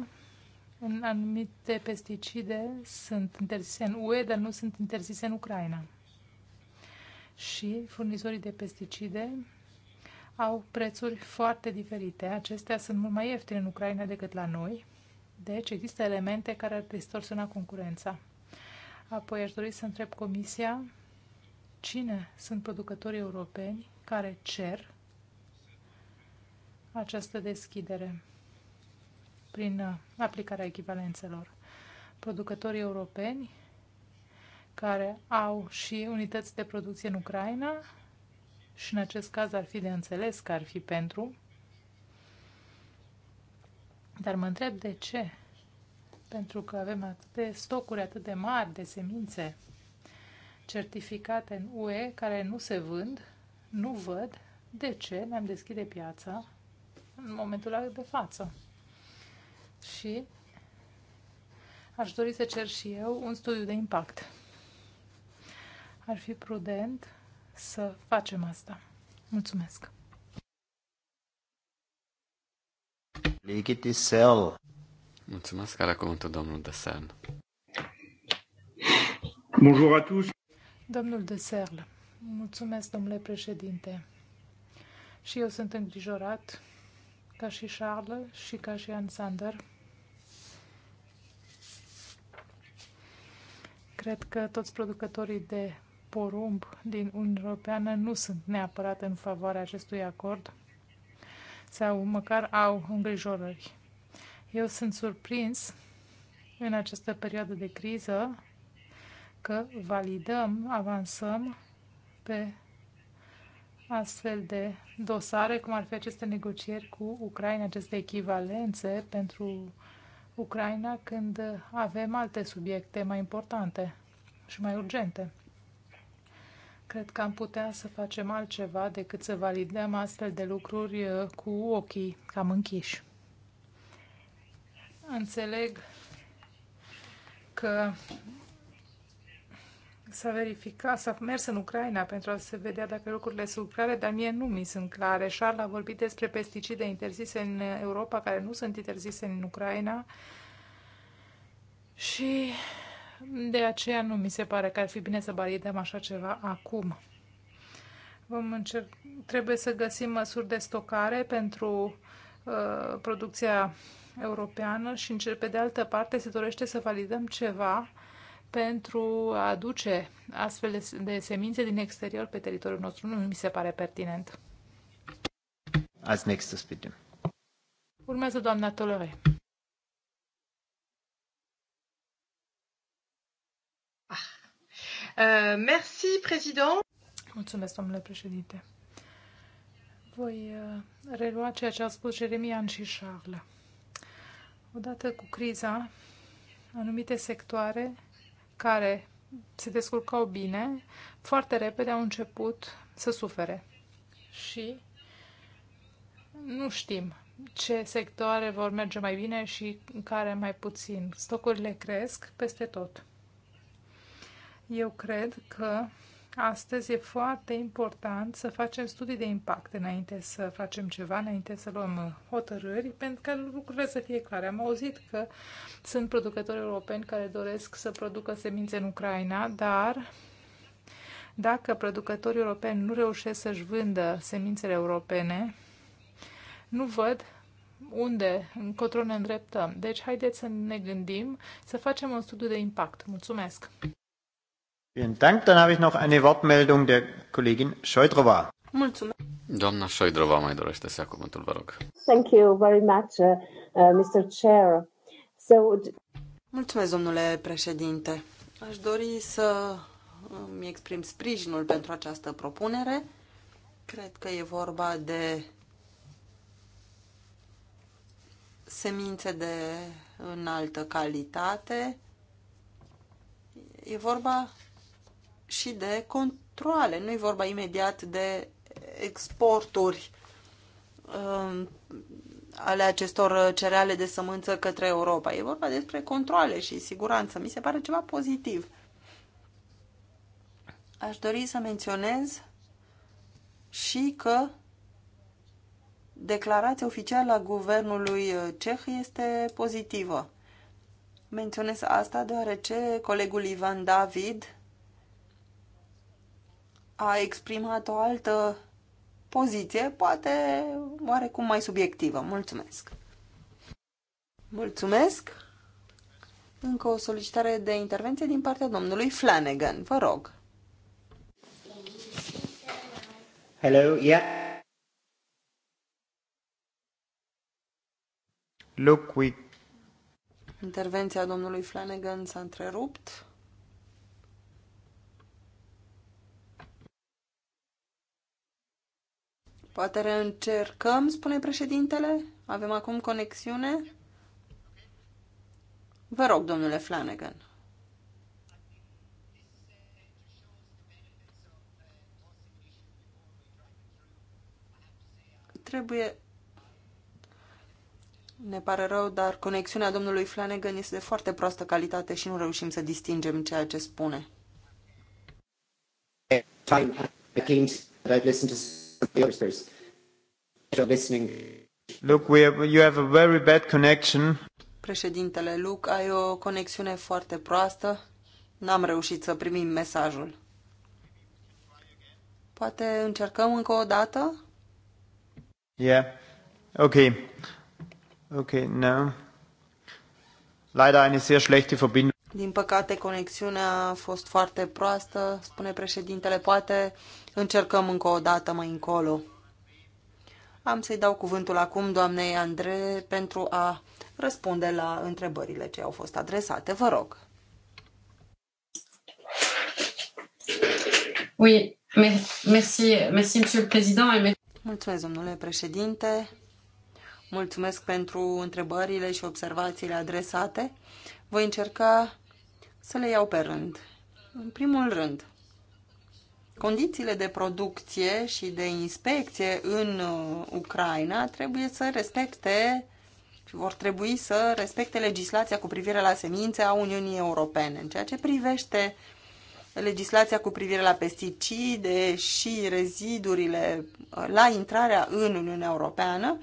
în anumite pesticide sunt interzise în UE, dar nu sunt interzise în Ucraina. Și furnizorii de pesticide au prețuri foarte diferite. Acestea sunt mult mai ieftine în Ucraina decât la noi. Deci există elemente care ar distorsiona concurența. Apoi aș dori să întreb Comisia cine sunt producătorii europeni care cer această deschidere prin uh, aplicarea echivalențelor. Producătorii europeni care au și unități de producție în Ucraina și în acest caz ar fi de înțeles că ar fi pentru. Dar mă întreb de ce. Pentru că avem atât de stocuri atât de mari de semințe certificate în UE care nu se vând, nu văd de ce ne-am deschide piața în momentul de față. Și aș dori să cer și eu un studiu de impact. Ar fi prudent să facem asta. Mulțumesc! Ligitisel. Mulțumesc, are cuvântul domnul Desen. Bonjour à tous. Domnul de Serl, mulțumesc, domnule președinte. Și eu sunt îngrijorat, ca și Charles și ca și Ann Sander. Cred că toți producătorii de porumb din Uniunea Europeană nu sunt neapărat în favoarea acestui acord sau măcar au îngrijorări. Eu sunt surprins în această perioadă de criză dacă validăm, avansăm pe astfel de dosare, cum ar fi aceste negocieri cu Ucraina, aceste echivalențe pentru Ucraina, când avem alte subiecte mai importante și mai urgente. Cred că am putea să facem altceva decât să validăm astfel de lucruri uh, cu ochii cam închiși. Înțeleg că s-a verificat, s-a mers în Ucraina pentru a se vedea dacă lucrurile sunt clare, dar mie nu mi sunt clare. Charles a vorbit despre pesticide interzise în Europa, care nu sunt interzise în Ucraina și de aceea nu mi se pare că ar fi bine să validăm așa ceva acum. Vom încerc... Trebuie să găsim măsuri de stocare pentru uh, producția europeană și, pe de altă parte, se dorește să validăm ceva pentru a aduce astfel de semințe din exterior pe teritoriul nostru. Nu mi se pare pertinent. Als nächstes bitte. Urmează doamna Tolore. Ah. Uh, merci, président. Mulțumesc, domnule președinte. Voi uh, relua ceea ce au spus Jeremian și Charles. Odată cu criza, anumite sectoare care se descurcau bine, foarte repede au început să sufere. Și nu știm ce sectoare vor merge mai bine și care mai puțin. Stocurile cresc peste tot. Eu cred că Astăzi e foarte important să facem studii de impact înainte să facem ceva, înainte să luăm uh, hotărâri, pentru că lucrurile să fie clare. Am auzit că sunt producători europeni care doresc să producă semințe în Ucraina, dar dacă producătorii europeni nu reușesc să-și vândă semințele europene, nu văd unde, încotro ne îndreptăm. Deci haideți să ne gândim, să facem un studiu de impact. Mulțumesc! Vielen Dank. Dann habe ich noch eine Wortmeldung der Kollegin Mulțumesc. Doamna mai dorește să ia cuvântul, vă rog. Thank you very much, uh, uh Mr. Chair. So... Mulțumesc, domnule președinte. Aș dori să îmi exprim sprijinul pentru această propunere. Cred că e vorba de semințe de înaltă calitate. E vorba și de controle. Nu e vorba imediat de exporturi um, ale acestor cereale de sămânță către Europa. E vorba despre controle și siguranță. Mi se pare ceva pozitiv. Aș dori să menționez și că declarația oficială a guvernului uh, ceh este pozitivă. Menționez asta deoarece colegul Ivan David a exprimat o altă poziție, poate oarecum mai subiectivă. Mulțumesc! Mulțumesc! Încă o solicitare de intervenție din partea domnului Flanagan. Vă rog! Hello, yeah. Look, we... Intervenția domnului Flanagan s-a întrerupt. Poate reîncercăm, spune președintele? Avem acum conexiune? Vă rog, domnule Flanagan. Trebuie... Ne pare rău, dar conexiunea domnului Flanagan este de foarte proastă calitate și nu reușim să distingem ceea ce spune. Time against I've listened to the oysters. Listening. Look, we have, you have a very bad connection. Președintele Luc, ai o conexiune foarte proastă. N-am reușit să primim mesajul. Poate încercăm încă o dată? Yeah. ok, ok, no. Leider eine sehr schlechte Verbindung. Din păcate, conexiunea a fost foarte proastă, spune președintele. Poate încercăm încă o dată mai încolo. Am să-i dau cuvântul acum doamnei Andrei pentru a răspunde la întrebările ce au fost adresate. Vă rog. Oui, merci, merci, monsieur le président. Mulțumesc, domnule președinte. Mulțumesc pentru întrebările și observațiile adresate. Voi încerca să le iau pe rând. În primul rând, condițiile de producție și de inspecție în uh, Ucraina trebuie să respecte și vor trebui să respecte legislația cu privire la semințe a Uniunii Europene. În ceea ce privește legislația cu privire la pesticide și rezidurile uh, la intrarea în Uniunea Europeană,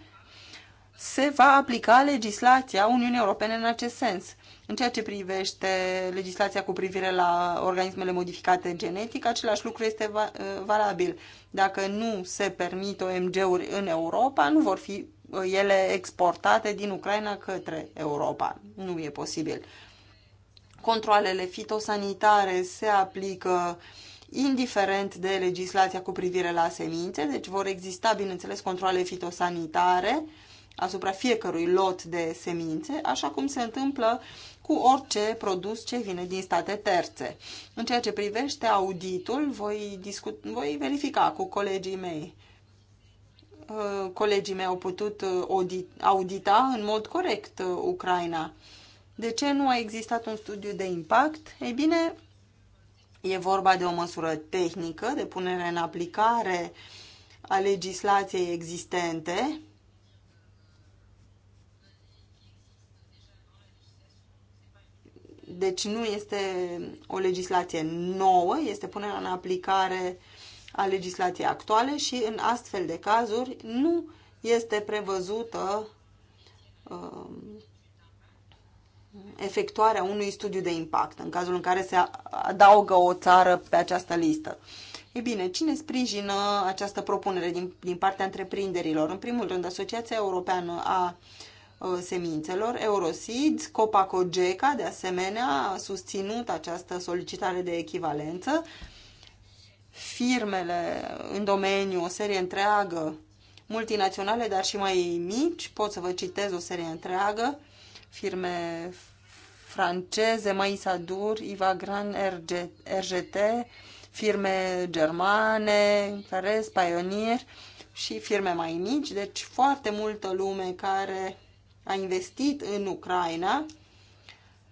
se va aplica legislația Uniunii Europene în acest sens. În ceea ce privește legislația cu privire la organismele modificate genetic, același lucru este uh, valabil. Dacă nu se permit OMG-uri în Europa, nu vor fi uh, ele exportate din Ucraina către Europa. Nu e posibil. Controlele fitosanitare se aplică indiferent de legislația cu privire la semințe, deci vor exista, bineînțeles, controle fitosanitare uh, asupra fiecărui lot de semințe, așa cum se întâmplă cu orice produs ce vine din state terțe. În ceea ce privește auditul, voi, discut, voi verifica cu colegii mei. Uh, colegii mei au putut uh, audita în mod corect uh, Ucraina. De ce nu a existat un studiu de impact? Ei bine, e vorba de o măsură tehnică de punere în aplicare a legislației existente Deci nu este o legislație nouă, este punerea în aplicare a legislației actuale și în astfel de cazuri nu este prevăzută uh, efectuarea unui studiu de impact în cazul în care se adaugă o țară pe această listă. E bine, cine sprijină această propunere din, din partea întreprinderilor? În primul rând, Asociația Europeană a uh, Uh, semințelor. Euroseeds, Copacogeca, de asemenea, a susținut această solicitare de echivalență. Firmele în domeniu, o serie întreagă, multinaționale, dar și mai mici, pot să vă citez o serie întreagă, firme franceze, Maisadur, Ivagran, RGT, firme germane, Ferez, Pioneer și firme mai mici, deci foarte multă lume care a investit în Ucraina.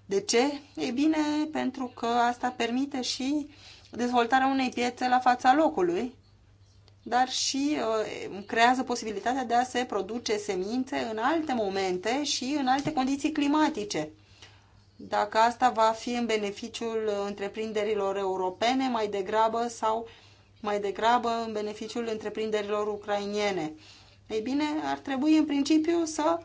De ce? E bine, pentru că asta permite și dezvoltarea unei piețe la fața locului, dar și uh, creează posibilitatea de a se produce semințe în alte momente și în alte condiții climatice. Dacă asta va fi în beneficiul întreprinderilor europene mai degrabă sau mai degrabă în beneficiul întreprinderilor ucrainiene. Ei bine, ar trebui în principiu să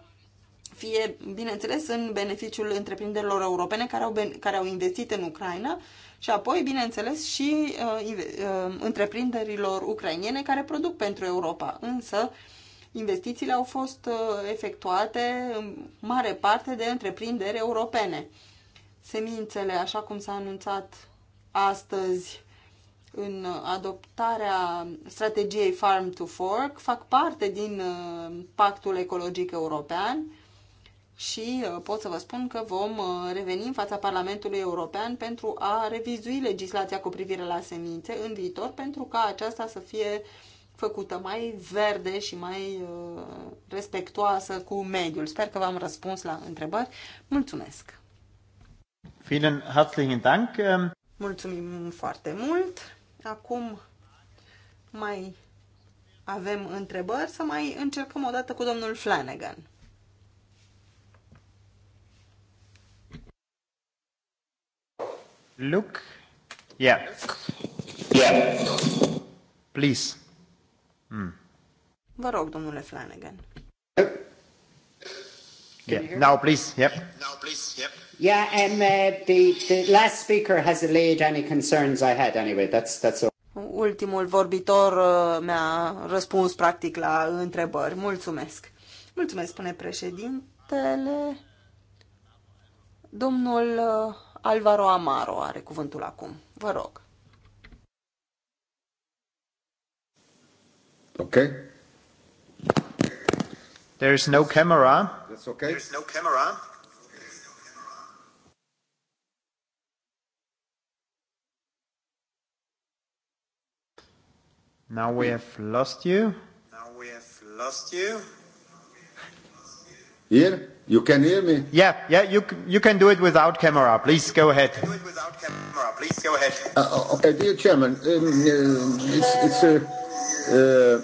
fie, bineînțeles, în beneficiul întreprinderilor europene care au, care au investit în Ucraina și apoi, bineînțeles, și uh, uh, întreprinderilor ucrainiene care produc pentru Europa. Însă, investițiile au fost uh, efectuate în mare parte de întreprinderi europene. Semințele, așa cum s-a anunțat astăzi în adoptarea strategiei Farm to Fork, fac parte din uh, Pactul Ecologic European, și uh, pot să vă spun că vom uh, reveni în fața Parlamentului European pentru a revizui legislația cu privire la semințe în viitor pentru ca aceasta să fie făcută mai verde și mai uh, respectoasă cu mediul. Sper că v-am răspuns la întrebări. Mulțumesc! Vielen herzlichen Dank! Ähm, Mulțumim foarte mult! Acum mai avem întrebări, să mai încercăm o dată cu domnul Flanagan. Look. Yeah. Yeah. Please. Mm. Vă rog, domnule Flanagan. Yeah. Now, please. Yep. Now, please. Yep. Yeah, and uh, the, the last speaker has allayed any concerns I had anyway. That's, that's all. Ultimul vorbitor uh, mi-a răspuns practic la întrebări. Mulțumesc. Mulțumesc, spune președintele. Domnul uh, Alvaro Amaro are cuvântul acum. Vă rog. Ok. There is no camera. That's okay. There is no camera. Now we have lost you. Now we have lost you. Here? You can hear me? Yeah, yeah, you, you can do it without camera. Please go ahead. Do it without camera. Please go ahead. Uh, uh okay, dear Chairman, um, uh, it's, it's, a, uh, uh,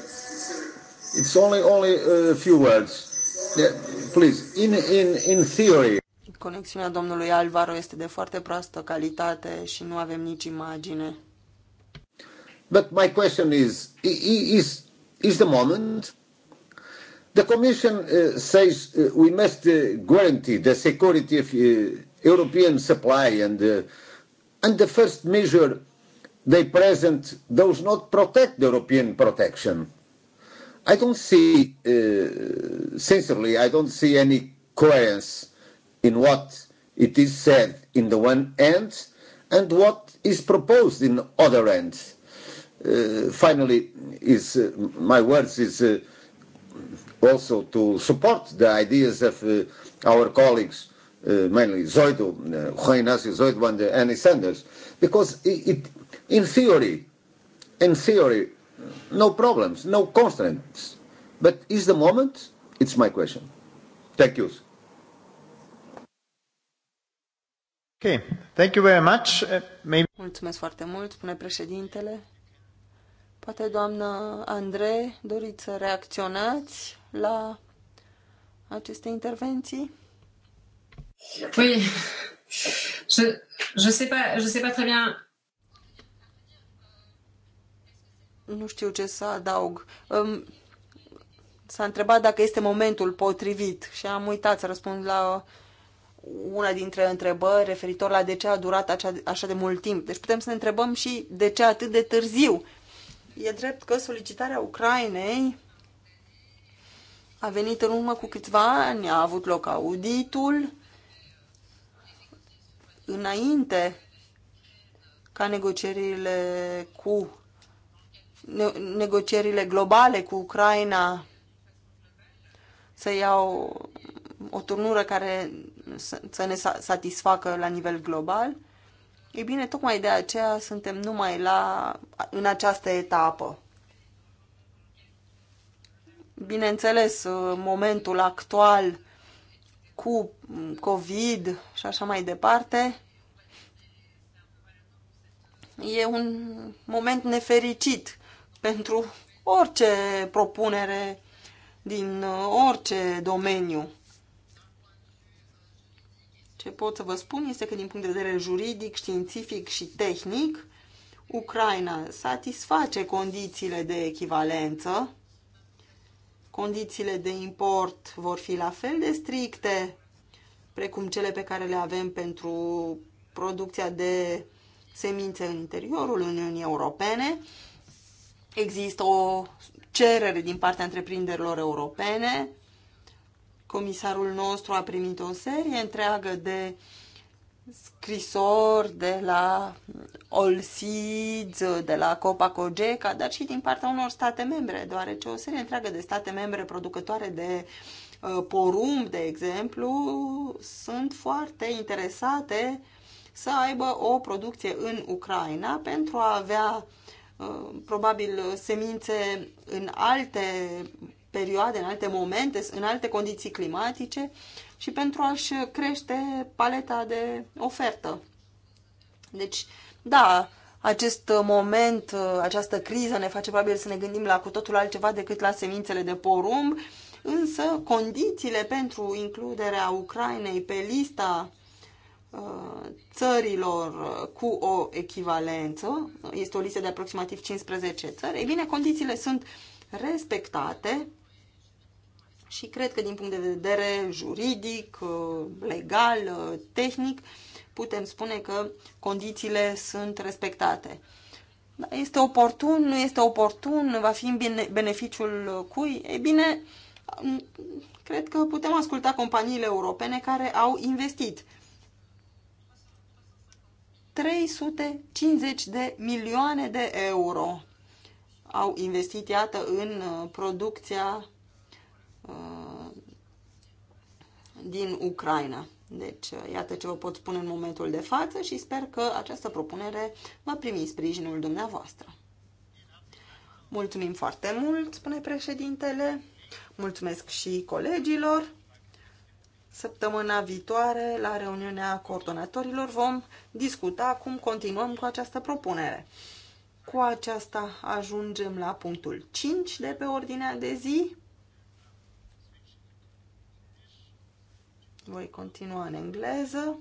it's only, only a few words. Yeah, please, in, in, in theory. Conexiunea domnului Alvaro este de foarte proastă calitate și nu avem nici imagine. But my question is, is, is the moment The Commission uh, says uh, we must uh, guarantee the security of uh, European supply and uh, and the first measure they present does not protect the European protection. I don't see, uh, sincerely, I don't see any coherence in what it is said in the one end and what is proposed in other end. Uh, finally, is uh, my words is. Uh, also to support the ideas of uh, our colleagues, uh, mainly Zoido, uh, Juan Ignacio Zoido and uh, Annie Sanders, because it, it, in theory, in theory, no problems, no constraints. But is the moment? It's my question. Thank you. Okay. Thank you very much. Uh, maybe... Mulțumesc foarte mult, spune președintele. Poate, doamna Andrei, doriți să reacționați? la aceste intervenții? Păi, je, je sais pas, je sais pas très bien. Nu știu ce să adaug. Um, s-a întrebat dacă este momentul potrivit și am uitat să răspund la una dintre întrebări referitor la de ce a durat acea, așa de mult timp. Deci putem să ne întrebăm și de ce atât de târziu. E drept că solicitarea Ucrainei a venit în urmă cu câțiva ani, a avut loc auditul, înainte ca negocierile cu ne, negocierile globale cu Ucraina să iau o turnură care să, să ne satisfacă la nivel global. Ei bine, tocmai de aceea suntem numai la, în această etapă bineînțeles, uh, momentul actual cu COVID și așa mai departe, e un moment nefericit pentru orice propunere din uh, orice domeniu. Ce pot să vă spun este că din punct de vedere juridic, științific și tehnic, Ucraina satisface condițiile de echivalență Condițiile de import vor fi la fel de stricte precum cele pe care le avem pentru producția de semințe în interiorul Uniunii Europene. Există o cerere din partea întreprinderilor europene. Comisarul nostru a primit o serie întreagă de uh, scrisori de la seeds de la Copacogeca, dar și din partea unor state membre, deoarece o serie întreagă de state membre producătoare de uh, porumb, de exemplu, sunt foarte interesate să aibă o producție în Ucraina pentru a avea uh, probabil semințe în alte perioade, în alte momente, în alte condiții climatice și pentru a-și crește paleta de ofertă. Deci, da, acest moment, această criză ne face probabil să ne gândim la cu totul altceva decât la semințele de porumb, însă condițiile pentru includerea Ucrainei pe lista uh, țărilor cu o echivalență, este o listă de aproximativ 15 țări, ei bine, condițiile sunt respectate și cred că din punct de vedere juridic, uh, legal, uh, tehnic, putem spune că condițiile sunt respectate. Da, este oportun, nu este oportun, va fi în beneficiul cui? Ei bine, cred că putem asculta companiile europene care au investit 350 de milioane de euro au investit, iată, în uh, producția Uh, din Ucraina. Deci, uh, iată ce vă pot spune în momentul de față și sper că această propunere va primi sprijinul dumneavoastră. Mulțumim foarte mult, spune președintele. Mulțumesc și colegilor. Săptămâna viitoare, la reuniunea coordonatorilor, vom discuta cum continuăm cu această propunere. Cu aceasta ajungem la punctul 5 de pe ordinea de zi Voi continua în engleză.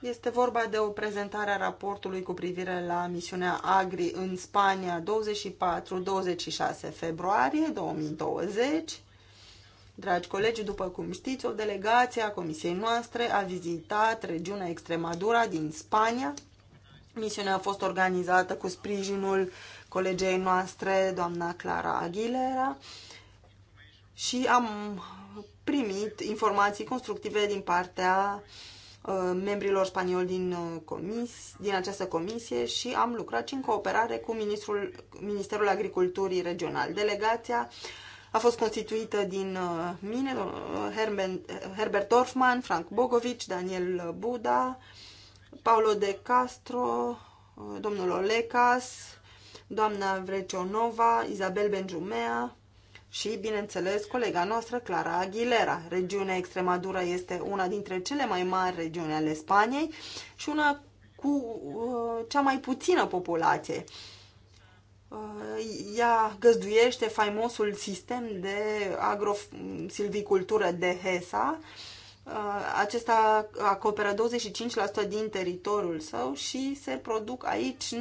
Este vorba de o prezentare a raportului cu privire la misiunea Agri în Spania 24-26 februarie 2020. Dragi colegi, după cum știți, o delegație a comisiei noastre a vizitat regiunea Extremadura din Spania. Misiunea a fost organizată cu sprijinul colegei noastre, doamna Clara Aguilera, și am primit informații constructive din partea uh, membrilor spanioli din, uh, comis, din această comisie și am lucrat și în cooperare cu ministrul, Ministerul Agriculturii Regional. Delegația a fost constituită din uh, mine, Herbert Dorfman, Frank Bogovic, Daniel Buda, Paolo De Castro, domnul Olecas, doamna Vrecionova, Isabel Benjumea, și, bineînțeles, colega noastră, Clara Aguilera. Regiunea Extremadura este una dintre cele mai mari regiuni ale Spaniei și una cu uh, cea mai puțină populație. Uh, ea găzduiește faimosul sistem de agrosilvicultură de HESA. Uh, acesta acoperă 25% din teritoriul său și se produc aici 90%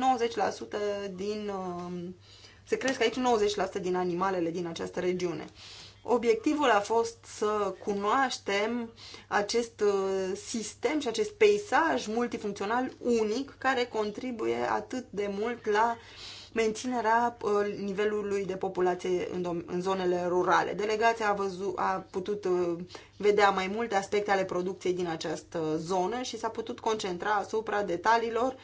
din uh, se cresc aici 90% din animalele din această regiune. Obiectivul a fost să cunoaștem acest uh, sistem și acest peisaj multifuncțional unic care contribuie atât de mult la menținerea uh, nivelului de populație în, în zonele rurale. Delegația a, văzut, a putut uh, vedea mai multe aspecte ale producției din această zonă și s-a putut concentra asupra detaliilor uh,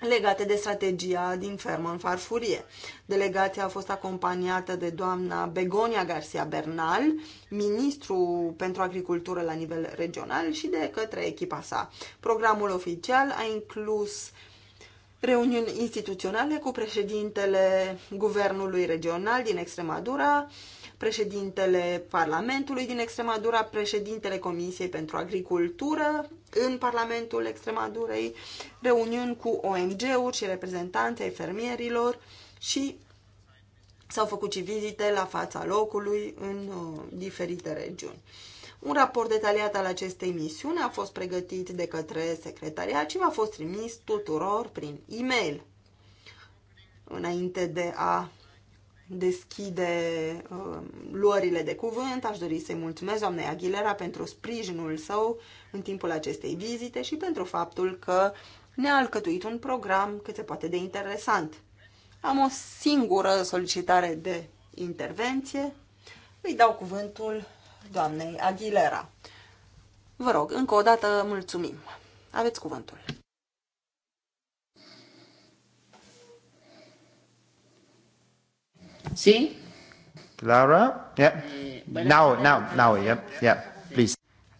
legate de strategia din fermă în farfurie. Delegația a fost acompaniată de doamna Begonia Garcia Bernal, ministru pentru agricultură la nivel regional și de către echipa sa. Programul oficial a inclus reuniuni instituționale cu președintele Guvernului Regional din Extremadura, președintele Parlamentului din Extremadura, președintele Comisiei pentru Agricultură în Parlamentul Extremadurei, reuniuni cu ONG-uri și reprezentanți ai fermierilor și s-au făcut și vizite la fața locului în uh, diferite regiuni. Un raport detaliat al acestei misiuni a fost pregătit de către secretariat și a fost trimis tuturor prin e-mail. Înainte de a deschide uh, luările de cuvânt. Aș dori să-i mulțumesc doamnei Aguilera pentru sprijinul său în timpul acestei vizite și pentru faptul că ne-a alcătuit un program cât se poate de interesant. Am o singură solicitare de intervenție. Îi dau cuvântul doamnei Aguilera. Vă rog, încă o dată mulțumim. Aveți cuvântul. Sí. Laura? Yep. Yeah. Eh, now, now, now, yep, yep, please.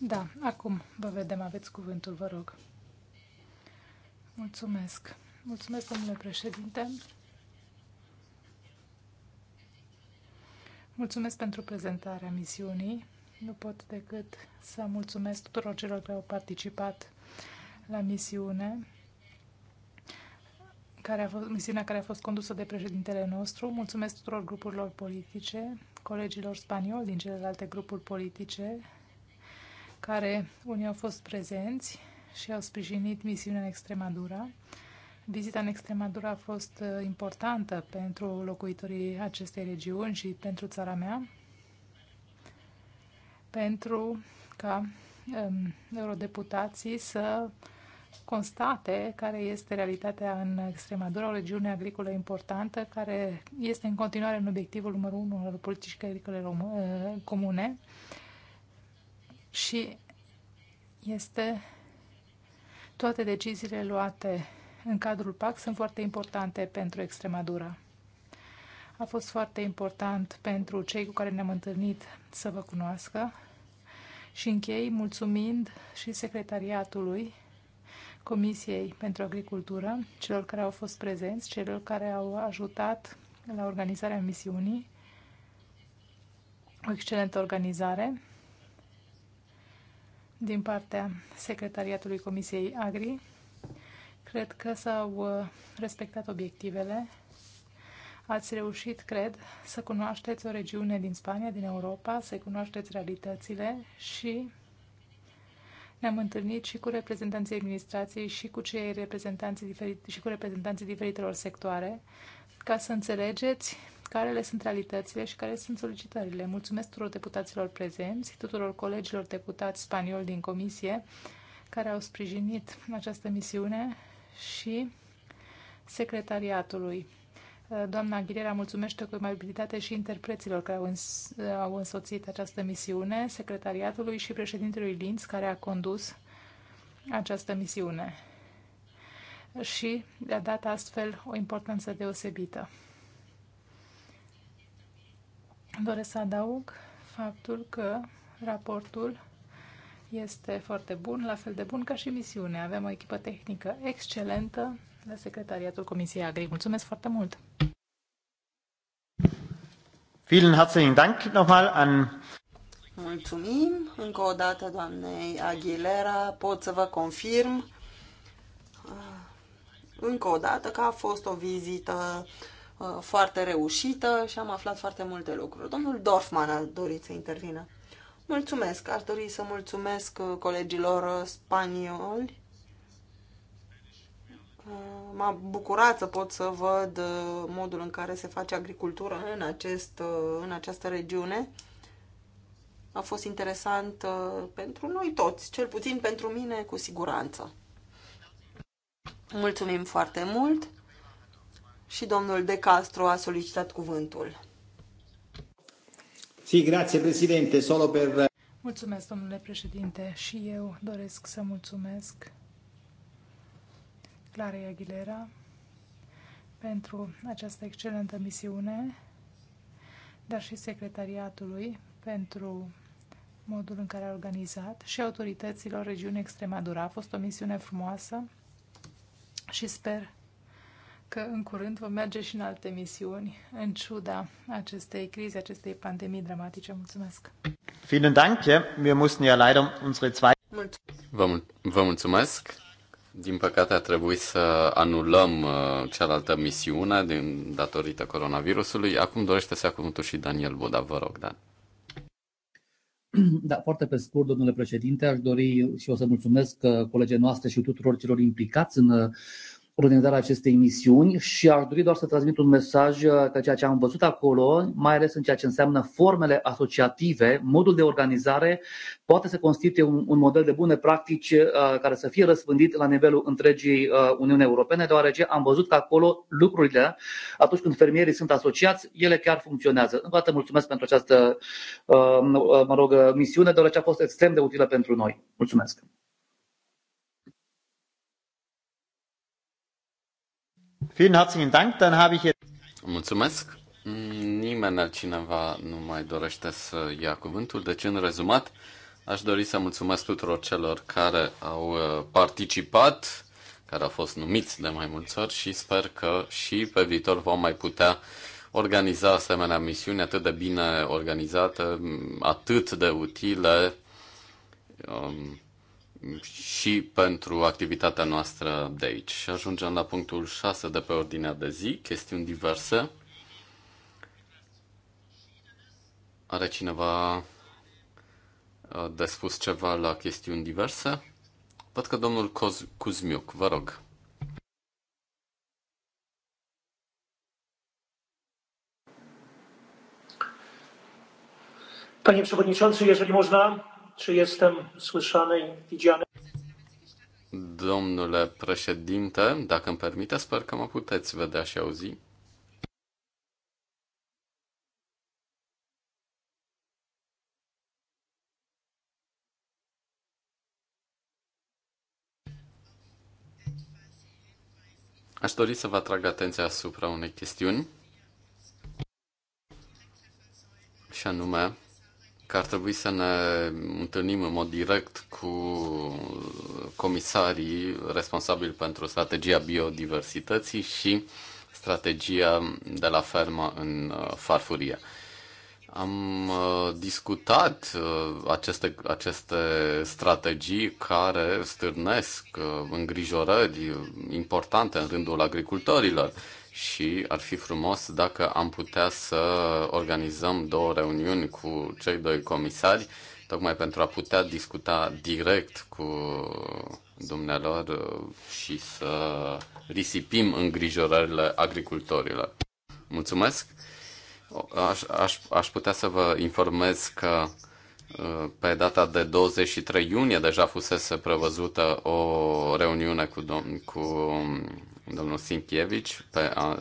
Da, acum vă vedem, aveți cuvântul, vă rog. Mulțumesc. Mulțumesc, domnule președinte. Mulțumesc pentru prezentarea misiunii. Nu pot decât să mulțumesc tuturor celor care au participat la misiune care a fost, misiunea care a fost condusă de președintele nostru. Mulțumesc tuturor grupurilor politice, colegilor spanioli din celelalte grupuri politice, care unii au fost prezenți și au sprijinit misiunea în Extremadura. Vizita în Extremadura a fost uh, importantă pentru locuitorii acestei regiuni și pentru țara mea, pentru ca um, eurodeputații să uh, constate care este realitatea în Extremadura, o regiune agricolă importantă, care este în continuare în obiectivul numărul unu al politicii agricole uh, comune și este toate deciziile luate în cadrul PAC sunt foarte importante pentru Extremadura. A fost foarte important pentru cei cu care ne-am întâlnit să vă cunoască și închei mulțumind și secretariatului Comisiei pentru Agricultură, celor care au fost prezenți, celor care au ajutat la organizarea misiunii. O excelentă organizare din partea Secretariatului Comisiei Agri. Cred că s-au uh, respectat obiectivele. Ați reușit, cred, să cunoașteți o regiune din Spania, din Europa, să cunoașteți realitățile și ne-am întâlnit și cu reprezentanții administrației și cu cei reprezentanții diferit, și cu reprezentanții diferitelor sectoare ca să înțelegeți care le sunt realitățile și care sunt solicitările. Mulțumesc tuturor deputaților prezenți, tuturor colegilor deputați spanioli din comisie care au sprijinit această misiune și secretariatului Doamna Aguilera mulțumește cu amabilitate și interpreților care au, îns- au însoțit această misiune, secretariatului și președintelui Linz, care a condus această misiune și le-a dat astfel o importanță deosebită. Doresc să adaug faptul că raportul este foarte bun, la fel de bun ca și misiunea. Avem o echipă tehnică excelentă, la Secretariatul Comisiei Agri. Mulțumesc foarte mult! Vielen herzlichen Dank nochmal an Mulțumim încă o dată doamnei Aguilera. Pot să vă confirm uh, încă o dată că a fost o vizită uh, foarte reușită și am aflat foarte multe lucruri. Domnul Dorfman a dorit să intervină. Mulțumesc. Aș dori să mulțumesc uh, colegilor spanioli Uh, m-a bucurat să pot să văd uh, modul în care se face agricultura în, acest, uh, în această regiune. A fost interesant pentru noi toți, cel puțin pentru mine cu siguranță. Mulțumim foarte mult și domnul De Castro a solicitat cuvântul. Sì, sí, grazie Presidente, solo per... Mulțumesc, domnule președinte, și eu doresc să mulțumesc Clara Aguilera pentru această excelentă misiune, dar și secretariatului pentru modul în care a organizat și autorităților regiunii Extremadura. A fost o misiune frumoasă și sper că în curând vom merge și în alte misiuni, în ciuda acestei crize, acestei pandemii dramatice. Mulțumesc! Vielen Dank. Wir mussten ja leider unsere zwei Vă, mul- vă mulțumesc! Din păcate a trebuit să anulăm uh, cealaltă misiune din datorită coronavirusului. Acum dorește să ia cuvântul și Daniel Buda. Vă rog, Dan. Da, foarte pe scurt, domnule președinte, aș dori și o să mulțumesc uh, colegii noastre și tuturor celor implicați în uh, organizarea acestei misiuni și aș dori doar să transmit un mesaj uh, că ceea ce am văzut acolo, mai ales în ceea ce înseamnă formele asociative, modul de organizare, poate să constituie un, un model de bune practici uh, care să fie răspândit la nivelul întregii uh, Uniuni Europene, deoarece am văzut că acolo lucrurile, atunci când fermierii sunt asociați, ele chiar funcționează. Încă o dată mulțumesc pentru această, uh, mă rog, uh, misiune, deoarece a fost extrem de utilă pentru noi. Mulțumesc! Vielen herzlichen Dank. Dann habe ich jetzt... Mulțumesc. Nimeni altcineva nu mai dorește să ia cuvântul. Deci, în rezumat, aș dori să mulțumesc tuturor celor care au uh, participat, care au fost numiți de mai mulți ori și sper că și pe viitor vom mai putea organiza asemenea misiuni atât de bine organizate, atât de utile um, și pentru activitatea noastră de aici. Și ajungem la punctul 6 de pe ordinea de zi, chestiuni diverse. Are cineva uh, de spus ceva la chestiuni diverse? Văd că domnul Coz- Cuzmiuc, vă rog. Panie Przewodniczący, jeżeli można, Czy jestem słyszany i widziany? Domnule președinte, dacă îmi permite, sper că mă puteți vedea și auzi. Aș dori să vă atrag atenția asupra unei chestiuni, și anume că ar trebui să ne întâlnim în mod direct cu comisarii responsabili pentru strategia biodiversității și strategia de la fermă în uh, farfurie. Am uh, discutat uh, aceste, aceste strategii care stârnesc îngrijorări importante în rândul agricultorilor și ar fi frumos dacă am putea să organizăm două reuniuni cu cei doi comisari, tocmai pentru a putea discuta direct cu dumnealor și să risipim îngrijorările agricultorilor. Mulțumesc! Aș, aș, aș putea să vă informez că uh, pe data de 23 iunie deja fusese prevăzută o reuniune cu, dom- cu domnul Sinkievici, pe, a,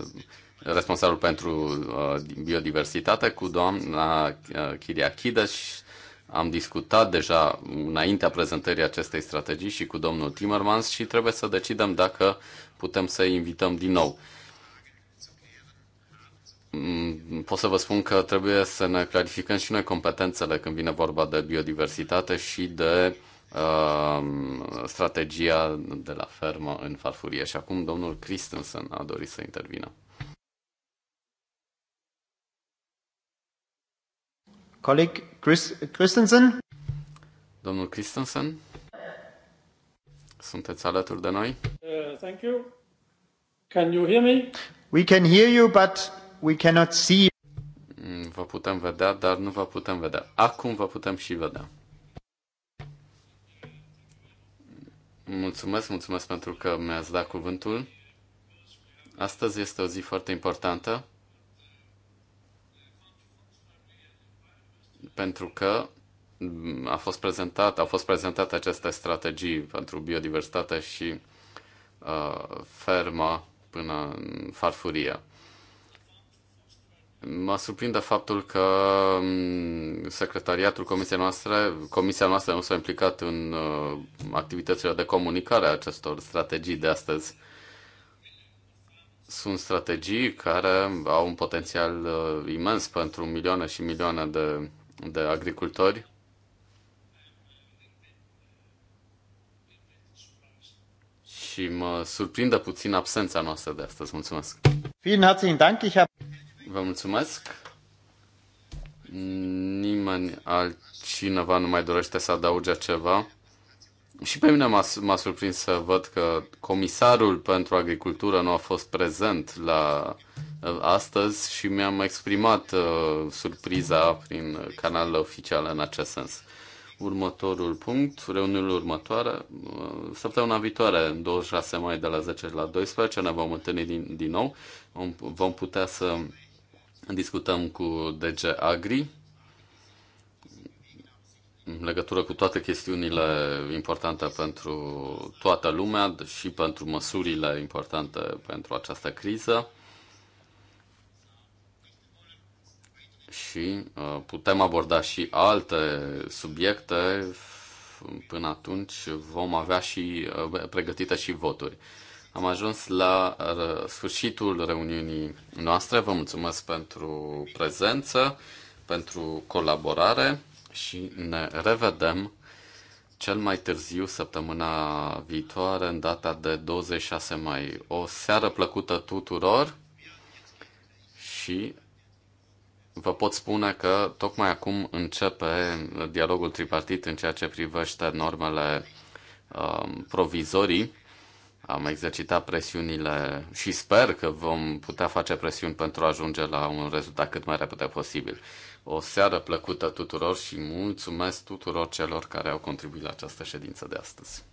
responsabil pentru a, biodiversitate, cu doamna Chiria Chideș. Am discutat deja înaintea prezentării acestei strategii și cu domnul Timmermans și trebuie să decidem dacă putem să invităm din nou mm, pot să vă spun că trebuie să ne clarificăm și noi competențele când vine vorba de biodiversitate și de Ehm, strategia de la fermă în farfurie. Și acum domnul Christensen a dorit să intervină. Coleg Chris Christensen? Domnul Christensen? Sunteți alături de noi? Uh, thank you. Can you hear me? We can hear you, but we cannot see. Mm, vă putem vedea, dar nu vă putem vedea. Acum vă putem și vedea. Mulțumesc, mulțumesc pentru că mi-ați dat cuvântul. Astăzi este o zi foarte importantă pentru că a fost prezentat, au fost prezentate aceste strategii pentru biodiversitate și uh, fermă până în farfurie. Mă surprinde faptul că mm, secretariatul comisiei noastre, comisia noastră nu s-a implicat în uh, activitățile de comunicare a acestor strategii de astăzi. Sunt strategii care au un potențial uh, imens pentru milioane și milioane de, de agricultori. Și mă surprinde puțin absența noastră de astăzi. Mulțumesc! Vă mulțumesc. Nimeni altcineva nu mai dorește să adauge ceva. Și pe mine m-a, surprins să văd că comisarul pentru agricultură nu a fost prezent la uh, astăzi și mi-am exprimat uh, surpriza prin canalele oficiale în acest sens. Următorul punct, reuniunile următoare, uh, săptămâna viitoare, 26 mai de la 10 la 12, ne vom întâlni din, din nou, vom putea să Discutăm cu DG Agri în legătură cu toate chestiunile importante pentru toată lumea și pentru măsurile importante pentru această criză. Și uh, putem aborda și alte subiecte. Până atunci vom avea și uh, pregătite și voturi. Am ajuns la uh, sfârșitul reuniunii noastre. Vă mulțumesc pentru prezență, pentru colaborare și ne revedem cel mai târziu săptămâna viitoare, în data de 26 mai. O seară plăcută tuturor și vă pot spune că tocmai acum începe dialogul tripartit în ceea ce privește normele um, provizorii am exercitat presiunile și sper că vom putea face presiuni pentru a ajunge la un rezultat cât mai repede posibil. O seară plăcută tuturor și mulțumesc tuturor celor care au contribuit la această ședință de astăzi.